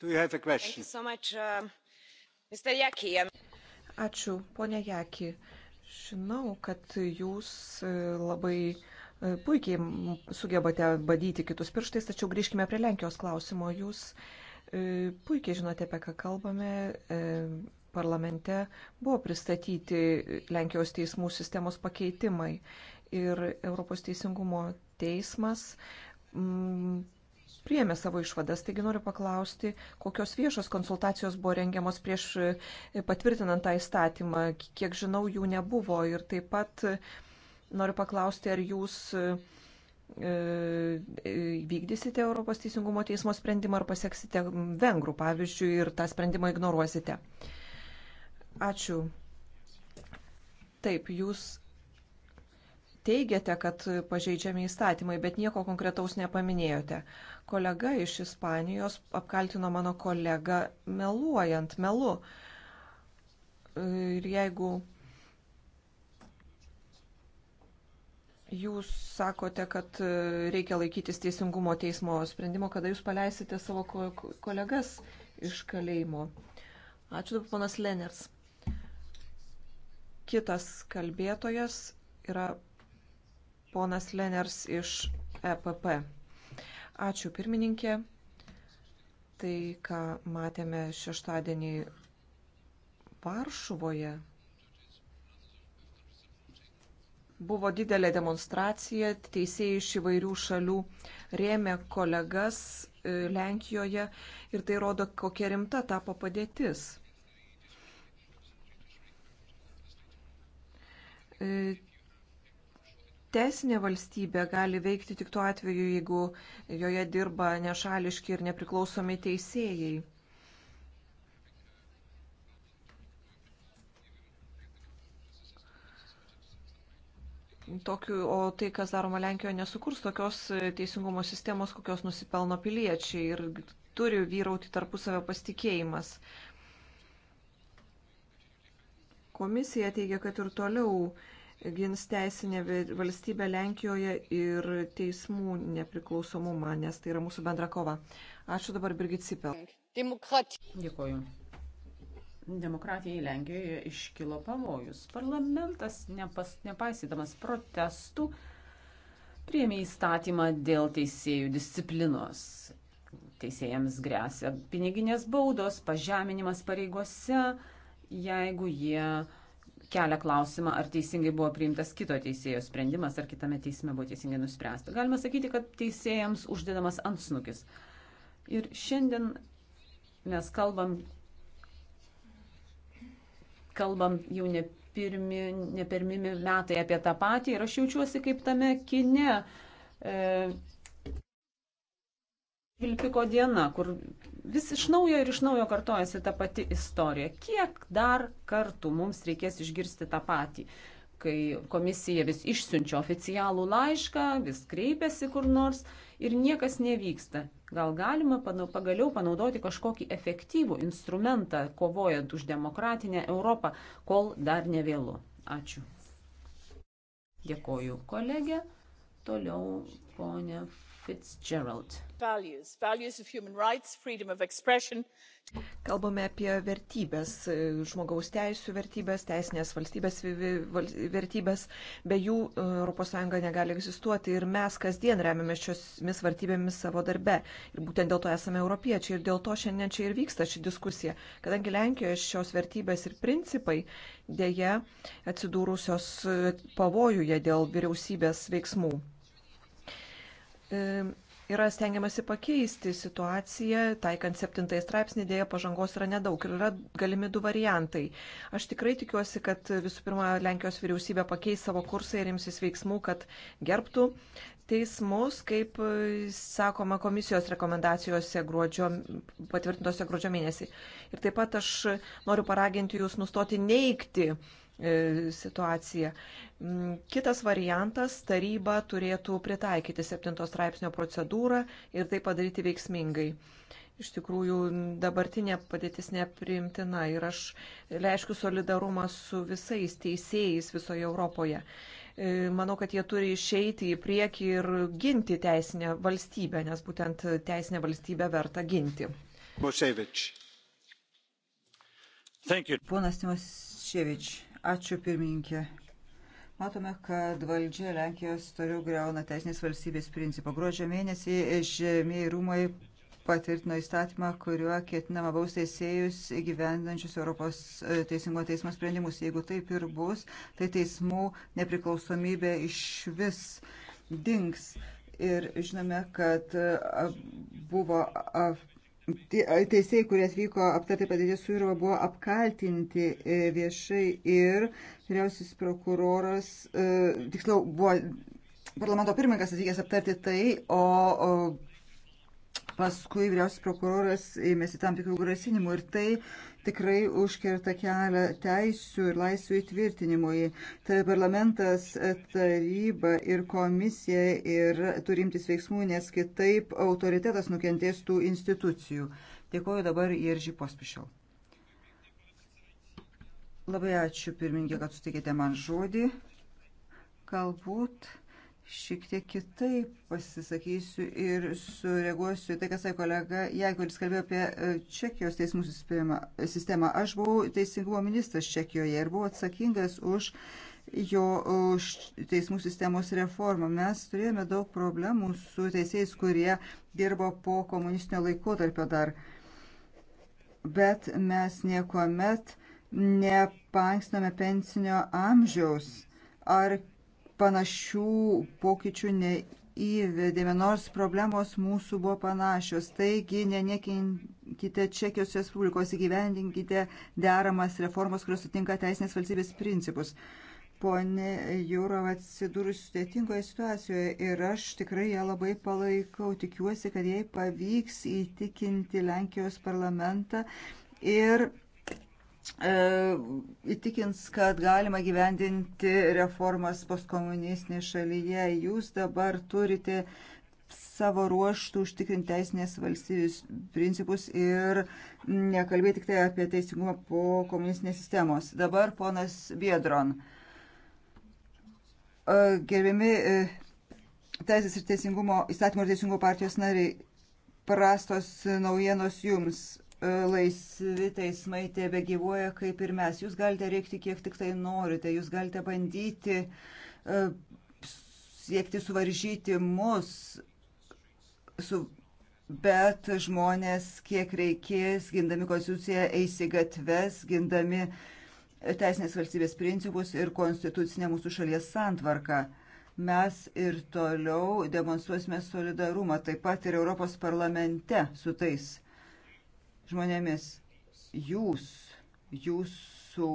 So much, uh, Ačiū, ponia Jaki. Uh, Žinau, kad jūs e, labai e, puikiai sugebate badyti kitus pirštais, tačiau grįžkime prie Lenkijos klausimo. Jūs e, puikiai žinote, apie ką kalbame. Parlamente buvo pristatyti Lenkijos teismų sistemos pakeitimai ir Europos teisingumo teismas priėmė savo išvadas, taigi noriu paklausti, kokios viešos konsultacijos buvo rengiamos prieš e, patvirtinant tą įstatymą. Kiek žinau, jų nebuvo. Ir taip pat e, noriu paklausti, ar jūs e, vykdysite Europos Teisingumo teismo sprendimą ar pasieksite vengrų, pavyzdžiui, ir tą sprendimą ignoruosite. Ačiū. Taip, jūs teigiate, kad pažeidžiami įstatymai, bet nieko konkretaus nepaminėjote. Kolega iš Ispanijos apkaltino mano kolegą meluojant, melu. Ir jeigu jūs sakote, kad reikia laikytis teisingumo teismo sprendimo, kada jūs paleisite savo kolegas iš kalėjimo. Ačiū, ponas Leners. Kitas kalbėtojas yra ponas Leners iš EPP. Ačiū pirmininkė. Tai, ką matėme šeštadienį Varšuvoje, buvo didelė demonstracija, teisėjai iš įvairių šalių rėmė kolegas e, Lenkijoje ir tai rodo, kokia rimta tapo padėtis. E, teisinė valstybė gali veikti tik tuo atveju, jeigu joje dirba nešališki ir nepriklausomi teisėjai. Tokiu, o tai, kas daroma Lenkijoje, nesukurs tokios teisingumo sistemos, kokios nusipelno piliečiai ir turi vyrauti tarpusavio pasitikėjimas. Komisija teigia, kad ir toliau gins teisinę valstybę Lenkijoje ir teismų nepriklausomumą, nes tai yra mūsų bendra kova. Ačiū dabar Birgit Sipel. Dėkuoju. Demokratijai Lenkijoje iškilo pavojus. Parlamentas, nepas, nepaisydamas protestų, priėmė įstatymą dėl teisėjų disciplinos. Teisėjams grėsia piniginės baudos, pažeminimas pareigose, jeigu jie kelia klausimą, ar teisingai buvo priimtas kito teisėjo sprendimas, ar kitame teisme buvo teisingai nuspręsta. Galima sakyti, kad teisėjams uždedamas antsnukis. Ir šiandien mes kalbam, kalbam jau ne, pirmi, ne pirmimi metai apie tą patį ir aš jaučiuosi kaip tame kine. E, Vilpiko diena, kur vis iš naujo ir iš naujo kartojasi ta pati istorija. Kiek dar kartų mums reikės išgirsti tą patį, kai komisija vis išsiunčia oficialų laišką, vis kreipiasi kur nors ir niekas nevyksta. Gal galima panau, pagaliau panaudoti kažkokį efektyvų instrumentą, kovojant už demokratinę Europą, kol dar nevėlu. Ačiū. Dėkoju, kolegė. Toliau, ponė Fitzgerald. Values, values of human rights, freedom of expression. Kalbame apie vertybės, žmogaus teisų vertybės, teisinės valstybės vertybės. Be jų ES negali egzistuoti ir mes kasdien remiame šiomis vertybėmis savo darbe. Ir būtent dėl to esame europiečiai ir dėl to šiandien čia ir vyksta ši diskusija. Kadangi Lenkijoje šios vertybės ir principai dėja atsidūrusios e, pavojuje dėl vyriausybės veiksmų. E, yra stengiamasi pakeisti situaciją, taikant septintai straipsnį, dėja pažangos yra nedaug ir yra galimi du variantai. Aš tikrai tikiuosi, kad visų pirma Lenkijos vyriausybė pakeis savo kursą ir imsis veiksmų, kad gerbtų teismus, kaip e, sakoma komisijos rekomendacijose gruodžio, patvirtintose gruodžio mėnesį. Ir taip pat aš noriu paraginti jūs nustoti neikti E, situacija. Mm, kitas variantas - taryba turėtų pritaikyti 7 straipsnio procedūrą ir tai padaryti veiksmingai. Iš tikrųjų, dabartinė padėtis nepriimtina ir aš reiškiu solidarumą su visais teisėjais visoje Europoje. E, manau, kad jie turi išeiti į priekį ir ginti teisinę valstybę, nes būtent teisinę valstybę verta ginti. Ponas Timoševič. Ačiū pirmininkė. Matome, kad valdžia Lenkijos toliau greuna teisinės valstybės principą. Gruodžio mėnesį žemėjai rūmai patvirtino įstatymą, kuriuo ketinama baus teisėjus įgyvendančius Europos e, teisingo teismo sprendimus. Jeigu taip ir bus, tai teismų nepriklausomybė iš vis dings. Ir žinome, kad e, buvo Teisėjai, kurie atvyko aptarti padėties su Jūrova, buvo apkaltinti e, viešai ir vyriausias prokuroras, e, tiksliau, buvo parlamento pirmininkas atvykęs aptarti tai, o, o Paskui vyriausias prokuroras ėmėsi tam tikrų grasinimų ir tai tikrai užkerta kelią teisių ir laisvių įtvirtinimui. Tai parlamentas, taryba ir komisija ir turimtis veiksmų, nes kitaip autoritetas nukentės tų institucijų. Dėkuoju dabar ir žypos pišiau. Labai ačiū pirmininkė, kad sutikėte man žodį. Galbūt šiek tiek kitaip pasisakysiu ir sureaguosiu tai, kas sakė kolega, jeigu jis kalbėjo apie e, Čekijos teismų sistemą. Aš buvau teisingumo ministras Čekijoje ir buvau atsakingas už jo už teismų sistemos reformą. Mes turėjome daug problemų su teisėjais, kurie dirbo po komunistinio laikotarpio dar. Bet mes niekuomet nepankstiname pensinio amžiaus ar panašių pokyčių neįvedėme, nors problemos mūsų buvo panašios. Taigi, neniekinkite Čekijos Respublikos, įgyvendinkite deramas reformos, kurios sutinka teisinės valstybės principus. Pone Jūrova atsidūrusi sudėtingoje situacijoje ir aš tikrai ją labai palaikau. Tikiuosi, kad jai pavyks įtikinti Lenkijos parlamentą ir E, įtikins, kad galima gyvendinti reformas postkomunistinėje šalyje. Jūs dabar turite savo ruoštų užtikrinti teisinės valstybės principus ir nekalbėti tik tai apie teisingumą po komunistinės sistemos. Dabar ponas Biedron. E, gerbiami e, Teisės ir Teisingumo, Įstatymo ir Teisingumo partijos nariai, prastos naujienos jums E, laisvi teismai tebe gyvoja kaip ir mes. Jūs galite rėkti kiek tik tai norite, jūs galite bandyti e, siekti suvaržyti mus, su, bet žmonės kiek reikės, gindami konstituciją, eis į gatves, gindami teisinės valstybės principus ir konstitucinę mūsų šalies santvarką mes ir toliau demonstruosime solidarumą taip pat ir Europos parlamente su tais žmonėmis. Jūs, jūsų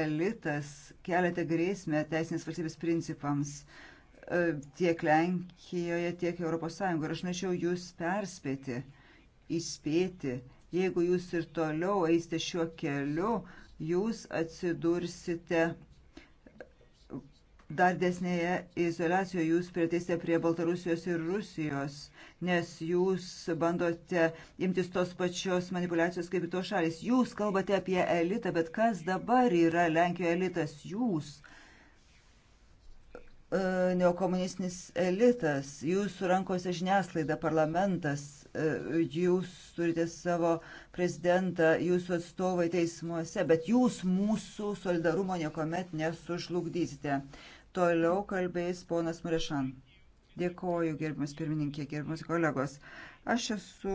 elitas keliate grėsmę teisinės valstybės principams e, tiek Lenkijoje, tiek ES. Ir aš norėčiau jūs perspėti, įspėti, jeigu jūs ir toliau eisite šiuo keliu, jūs atsidursite dar desnėje izolacijoje jūs prieteisite prie Baltarusijos ir Rusijos, nes jūs bandote imtis tos pačios manipulacijos kaip ir tos šalis. Jūs kalbate apie elitą, bet kas dabar yra Lenkijoje elitas? Jūs e, neokomunistinis elitas, jūsų rankose žiniasklaida, parlamentas, e, jūs turite savo prezidentą, jūsų atstovai teismuose, bet jūs mūsų solidarumo niekuomet nesužlugdysite. Toliau kalbės ponas Murešan. Dėkoju, gerbimas pirmininkė, gerbimas kolegos. Aš esu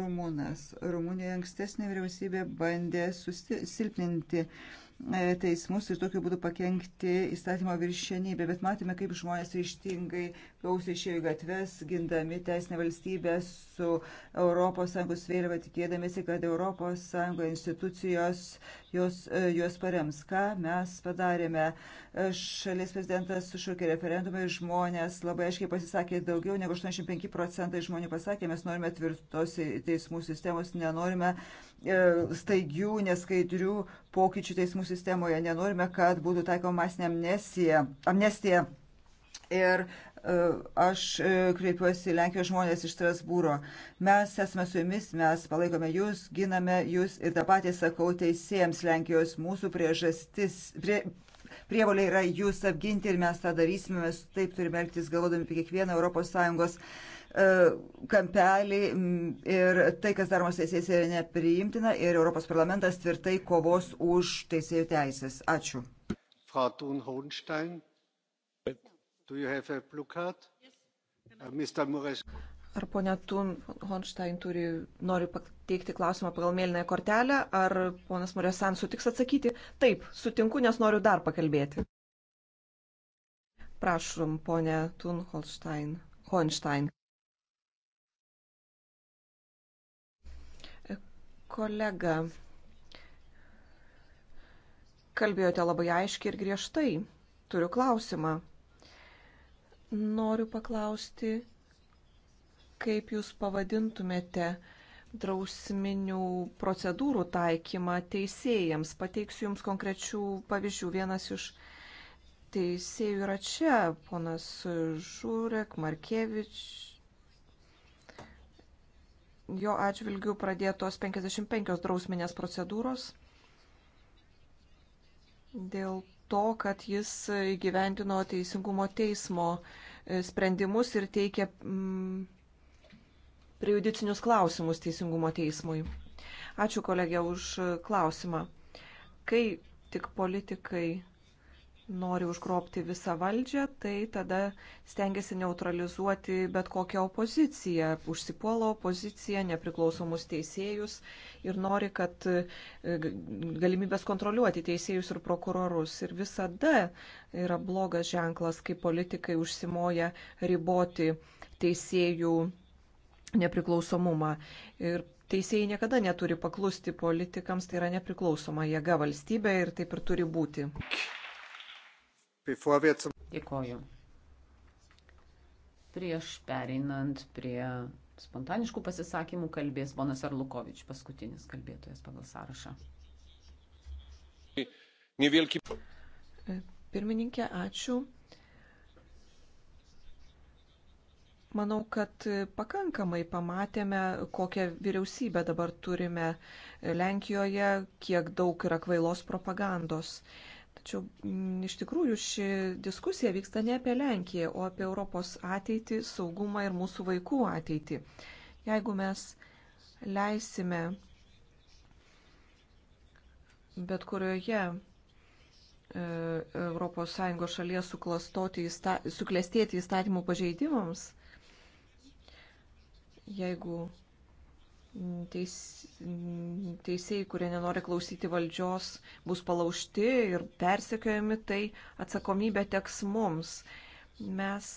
rumūnas. Rumunijoje ankstesnė vyriausybė bandė susilpninti susi E, teismus ir tokiu būdu pakengti įstatymo viršienybę. Bet matėme, kaip žmonės ryštingai gausiai išėjo į gatves, gindami teisinę valstybę su ES vėliava, tikėdamėsi, kad ES institucijos jos, e, juos parems. Ką mes padarėme? E, šalies prezidentas sušaukė referendumą ir žmonės labai aiškiai pasisakė, daugiau negu 85 procentai žmonių pasakė, mes norime tvirtos teismų sistemos, nenorime uh, E, staigių, neskaidrių pokyčių teismų sistemoje. Nenorime, kad būtų taikoma masinė amnestija. amnestija. Ir e, aš e, kreipiuosi Lenkijos žmonės iš Strasbūro. Mes esame su jumis, mes palaikome jūs, giname jūs ir tą patį sakau teisėjams Lenkijos mūsų priežastis. Prie, prievalė yra jūs apginti ir mes tą darysime, mes taip turime elgtis galvodami apie kiekvieną ES E, kampelį mm, ir tai, kas daromas teisėjais, yra nepriimtina ir Europos parlamentas tvirtai kovos už teisėjų teisės. Ačiū. Frau Thun Hohenstein, do you have a blue card? Yes. Uh, Mr. Mures. Ar ponia Thun Hohenstein turi, nori pateikti klausimą pagal mėlynąją kortelę, ar ponas Muresan sutiks atsakyti? Taip, sutinku, nes noriu dar pakalbėti. Prašom, ponia Thun Hohenstein. Hohenstein. Kolega, kalbėjote labai aiškiai ir griežtai. Turiu klausimą. Noriu paklausti, kaip jūs pavadintumėte drausminių procedūrų taikymą teisėjams. Pateiksiu jums konkrečių pavyzdžių. Vienas iš teisėjų yra čia, ponas Žurek, Markevičius jo atžvilgių pradėtos 55 drausminės procedūros dėl to, kad jis įgyvendino teisingumo teismo e, sprendimus ir teikė mm, prejudicinius klausimus teisingumo teismui. Ačiū kolegė už klausimą. Kai tik politikai nori užgrobti visą valdžią, tai tada stengiasi neutralizuoti bet kokią opoziciją, užsipuola opoziciją, nepriklausomus teisėjus ir nori, kad e, galimybės kontroliuoti teisėjus ir prokurorus. Ir visada yra blogas ženklas, kai politikai užsimoja riboti teisėjų nepriklausomumą. Ir teisėjai niekada neturi paklusti politikams, tai yra nepriklausoma jėga valstybė ir taip ir turi būti. Dėkoju. Prieš pereinant prie spontaniškų pasisakymų kalbės ponas Arlukovič, paskutinis kalbėtojas pagal sąrašą. Pirmininkė, ačiū. Manau, kad pakankamai pamatėme, kokią vyriausybę dabar turime Lenkijoje, kiek daug yra kvailos propagandos. Tačiau mm, iš tikrųjų ši diskusija vyksta ne apie Lenkiją, o apie Europos ateitį, saugumą ir mūsų vaikų ateitį. Jeigu mes leisime bet kurioje ES šalyje suklestėti įstatymų pažeidimams, jeigu teis, teisėjai, kurie nenori klausyti valdžios, bus palaužti ir persekiojami, tai atsakomybė teks mums. Mes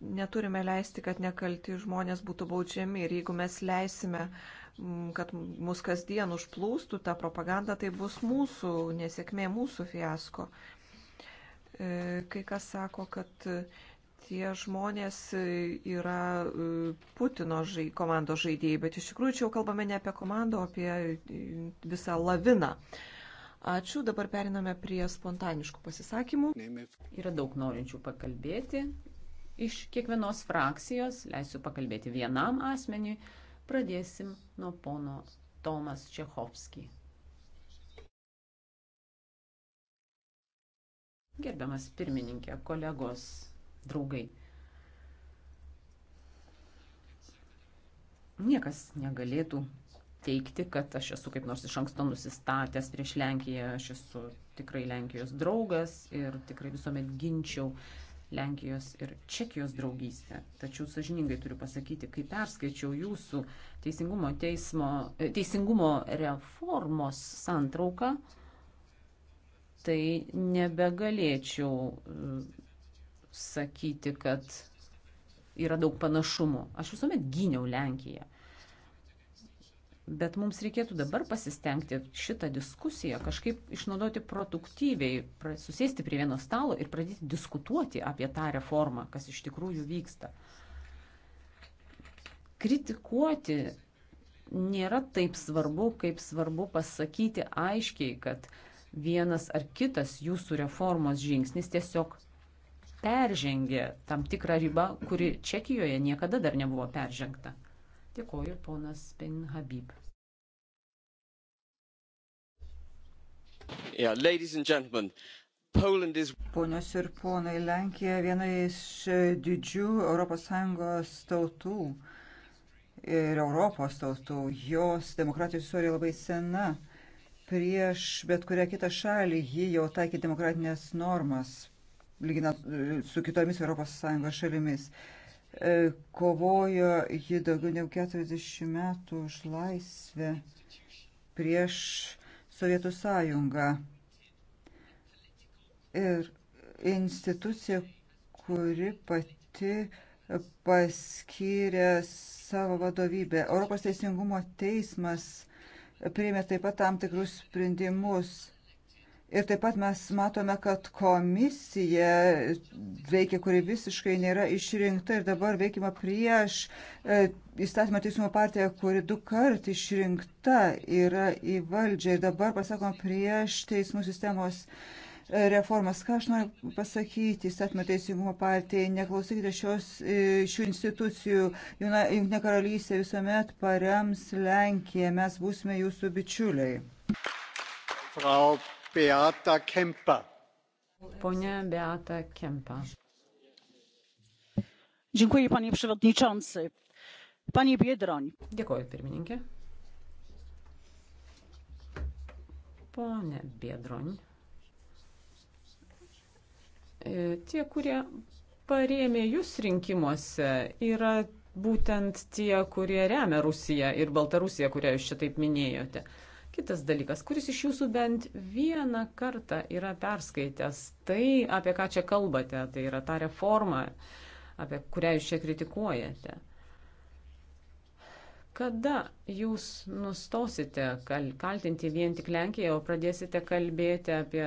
neturime leisti, kad nekalti žmonės būtų baudžiami ir jeigu mes leisime, kad mus kasdien užplūstų ta propaganda, tai bus mūsų nesėkmė, mūsų fiasko. E, kai kas sako, kad tie žmonės e, yra e, Putino žai, komandos žaidėjai, bet iš tikrųjų čia jau kalbame ne apie komandą, o apie e, visą laviną. Ačiū, dabar periname prie spontaniškų pasisakymų. Yra daug norinčių pakalbėti. Iš kiekvienos frakcijos leisiu pakalbėti vienam asmeniui. Pradėsim nuo pono Tomas Čehovski. Gerbiamas pirmininkė, kolegos, draugai. Niekas negalėtų teikti, kad aš esu kaip nors iš anksto nusistatęs prieš Lenkiją, aš esu tikrai Lenkijos draugas ir tikrai visuomet ginčiau Lenkijos ir Čekijos draugystę. Tačiau sažiningai turiu pasakyti, kai perskaičiau jūsų teisingumo, teismo, e, teisingumo reformos santrauką, tai nebegalėčiau e, sakyti, kad yra daug panašumų. Aš visuomet gyniau Lenkiją. Bet mums reikėtų dabar pasistengti šitą diskusiją kažkaip išnaudoti produktyviai, susėsti prie vieno stalo ir pradėti diskutuoti apie tą reformą, kas iš tikrųjų vyksta. Kritikuoti nėra taip svarbu, kaip svarbu pasakyti aiškiai, kad vienas ar kitas jūsų reformos žingsnis tiesiog peržengė tam tikrą ribą, kuri Čekijoje niekada dar nebuvo peržengta. Dėkoju, ponas Bin Habib. Yeah, ladies and gentlemen, Is... Ponios ir ponai, Lenkija viena iš didžių ES tautų ir Europos tautų. Jos demokratijos istorija labai sena. Prieš bet kurią kitą šalį ji jau taikė demokratinės normas lyginant e, su kitomis ES šalimis. E, kovojo ji daugiau negu 40 metų už laisvę prieš Sovietų sąjungą. Ir institucija, kuri pati paskyrė savo vadovybę. Europos teisingumo teismas priėmė taip pat tam tikrus sprendimus Ir taip pat mes matome, kad komisija veikia, kuri visiškai nėra išrinkta ir dabar veikima prieš e, įstatymą teismo partiją, kuri du kart išrinkta yra į valdžią ir dabar pasakom prieš teismų sistemos e, reformas. Ką aš noriu pasakyti, įstatymą teisingumo partijai, neklausykite šios, e, šių institucijų, Junktinė karalystė visuomet parems Lenkiją, mes būsime jūsų bičiuliai. Frau Beata Kempa. Ponia Beata Kempa. Dziękuję, panie przewodniczący. Panie Biedroń. Dėkoju, pirmininkė. Pone Biedroń. E, tie, kurie parėmė jūs rinkimuose, yra būtent tie, kurie remia Rusiją ir Baltarusiją, kurią jūs čia taip minėjote. Kitas dalykas, kuris iš jūsų bent vieną kartą yra perskaitęs tai, apie ką čia kalbate, tai yra ta reforma, apie kurią jūs čia kritikuojate. Kada jūs nustosite kal kaltinti vien tik Lenkiją, o pradėsite kalbėti apie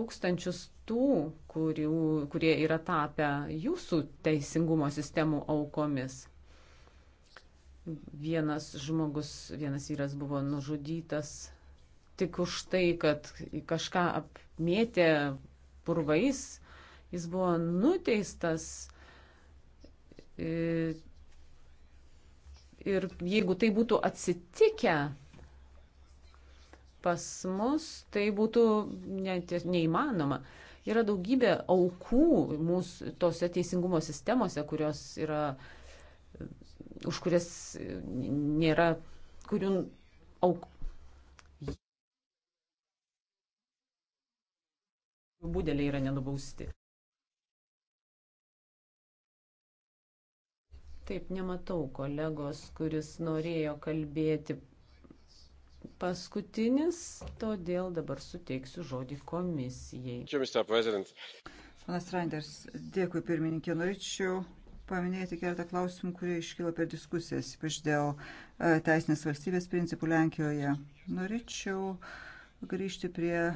tūkstančius tų, kurių, kurie yra tapę jūsų teisingumo sistemų aukomis? Vienas žmogus, vienas vyras buvo nužudytas tik už tai, kad kažką apmėtė purvais. Jis buvo nuteistas e, ir jeigu tai būtų atsitikę pas mus, tai būtų net neįmanoma. Yra daugybė aukų mūsų tose teisingumo sistemose, kurios yra uh, už kurias e, nėra, kurių auk. Būdeliai yra nenubausti. Taip, nematau kolegos, kuris norėjo kalbėti paskutinis, todėl dabar suteiksiu žodį komisijai. Čia, Mr. President. Panas Randers, dėkui pirmininkė, norėčiau paminėti keletą klausimų, kurie iškilo per diskusijas, ypač dėl e, teisinės valstybės principų Lenkijoje. Norėčiau grįžti prie e,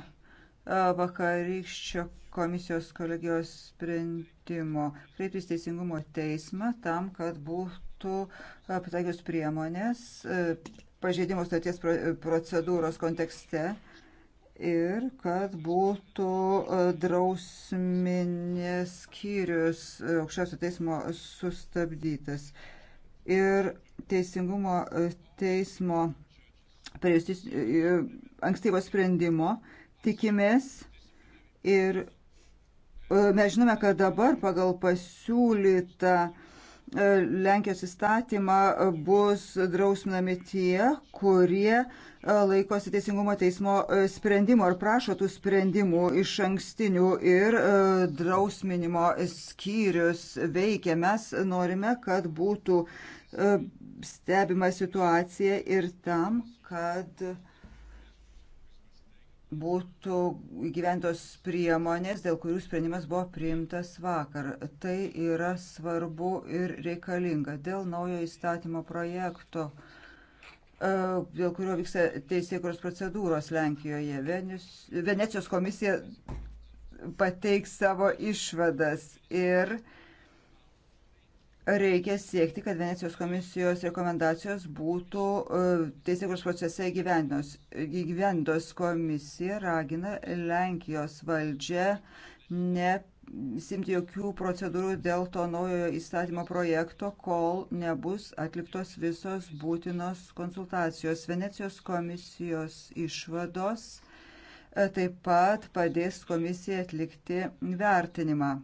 vakarykščio komisijos kolegijos sprendimo kreiptis teisingumo teismą tam, kad būtų e, pritaikius priemonės pažeidimo staties procedūros kontekste ir kad būtų e, drausminės skyrius e, aukščiausio teismo sustabdytas. Ir teisingumo e, teismo justis, ankstyvo sprendimo tikimės ir mes žinome, kad dabar pagal pasiūlytą E, Lenkijos įstatymą e, bus drausminami tie, kurie e, laikosi Teisingumo teismo sprendimo ar prašo tų sprendimų iš ankstinių ir drausminimo skyrius veikia. Mes norime, kad būtų stebima situacija ir tam, kad būtų gyventos priemonės, dėl kurių sprendimas buvo priimtas vakar. Tai yra svarbu ir reikalinga. Dėl naujo įstatymo projekto, e, dėl kurio vyksta teisėkuros procedūros Lenkijoje, Venus, Venecijos komisija pateiks savo išvadas ir uh, reikia siekti, kad Venecijos komisijos rekomendacijos būtų e, teisėkurs procese gyvendos. Komisija ragina Lenkijos valdžią nesimti jokių procedūrų dėl to naujojo įstatymo projekto, kol nebus atliktos visos būtinos konsultacijos. Venecijos komisijos išvados e, taip pat padės komisijai atlikti vertinimą.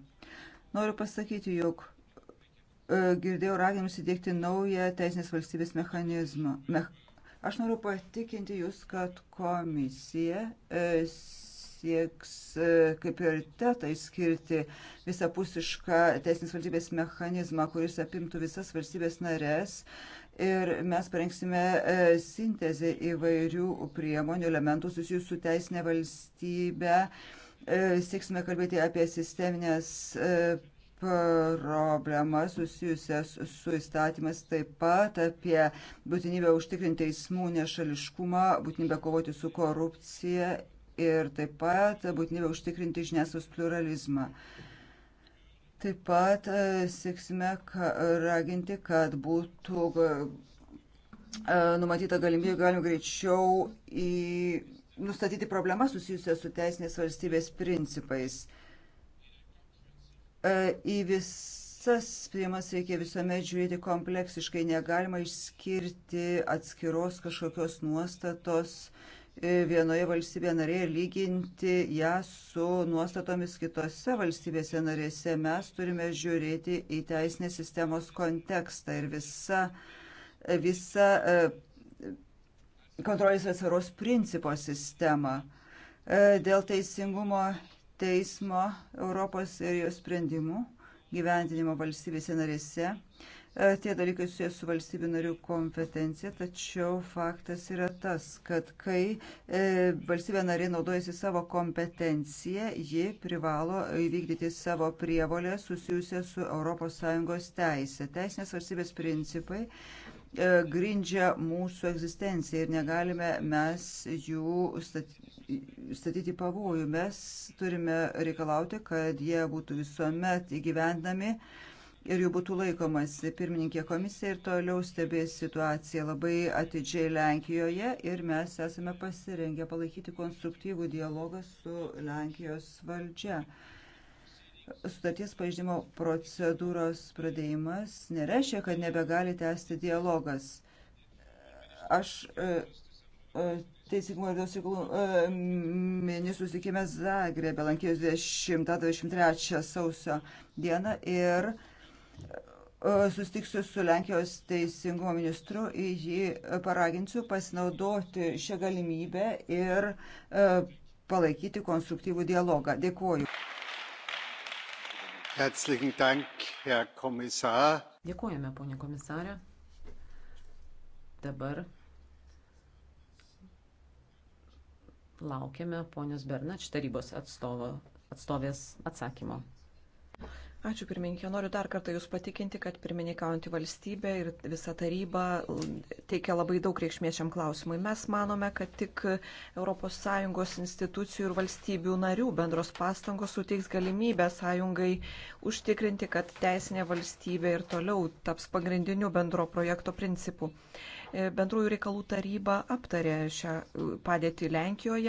Noriu pasakyti, jog E, girdėjau raginimus įdėkti naują teisinės valstybės mechanizmą. Aš noriu patikinti Jūs, kad komisija e, sieks e, kaip prioritetą įskirti visapusišką teisinės valstybės mechanizmą, kuris apimtų visas valstybės narės. Ir mes parengsime sintezę įvairių priemonių, elementų susijusių su teisinė valstybė. Sieksime kalbėti apie sisteminės problemas susijusias su įstatymas, taip pat apie būtinybę užtikrinti teismų nešališkumą, būtinybę kovoti su korupcija ir taip pat būtinybę užtikrinti žiniasklaidos pluralizmą. Taip pat e, sėksime raginti, kad būtų e, numatyta galimybė galim greičiau į nustatyti problemas susijusias su teisinės valstybės principais. E, į visas priemas reikia visuomet žiūrėti kompleksiškai, negalima išskirti atskiros kažkokios nuostatos e, vienoje valstybėje narėje lyginti ją su nuostatomis kitose valstybėse narėse. Mes turime žiūrėti į teisinės sistemos kontekstą ir visa, visa e, kontrolės atsvaros principo sistemą. Dėl teisingumo teismo Europos ir jo sprendimų gyventinimo valstybėse narėse. E, tie dalykai susijęs su valstybių narių kompetencija, tačiau faktas yra tas, kad kai e, valstybė narė naudojasi savo kompetenciją, ji privalo įvykdyti savo prievolę susijusią su ES teisė. Teisinės valstybės principai e, grindžia mūsų egzistenciją ir negalime mes jų statyti statyti pavojų. Mes turime reikalauti, kad jie būtų visuomet įgyvendami ir jų būtų laikomasi. Pirmininkė komisija ir toliau stebės situaciją labai atidžiai Lenkijoje ir mes esame pasirengę palaikyti konstruktyvų dialogą su Lenkijos valdžia. Sutarties pažymimo procedūros pradėjimas nereiškia, kad nebegali tęsti dialogas. Aš e, e, Teisingumo ir dausiklų e, ministrų susitikime Zagrebe lankės 20-23 sausio dieną ir e, sustiksiu su Lenkijos teisingumo ministru, jį paraginsiu pasinaudoti šią galimybę ir e, palaikyti konstruktyvų dialogą. Dėkuoju. Herzlichen Dank, Herr Kommissar. Dėkojame, ponė komisarė. Dabar Laukiame ponios Bernač tarybos atstovo, atstovės atsakymo. Ačiū pirmininkė. Noriu dar kartą Jūs patikinti, kad pirmininkaujantį valstybę ir visa taryba um, teikia labai daug reikšmės šiam klausimui. Mes manome, kad tik ES institucijų ir valstybių narių bendros pastangos suteiks galimybę sąjungai užtikrinti, kad teisinė valstybė ir toliau taps pagrindiniu bendro projekto principu. E, bendrųjų reikalų taryba aptarė šią e, padėtį Lenkijoje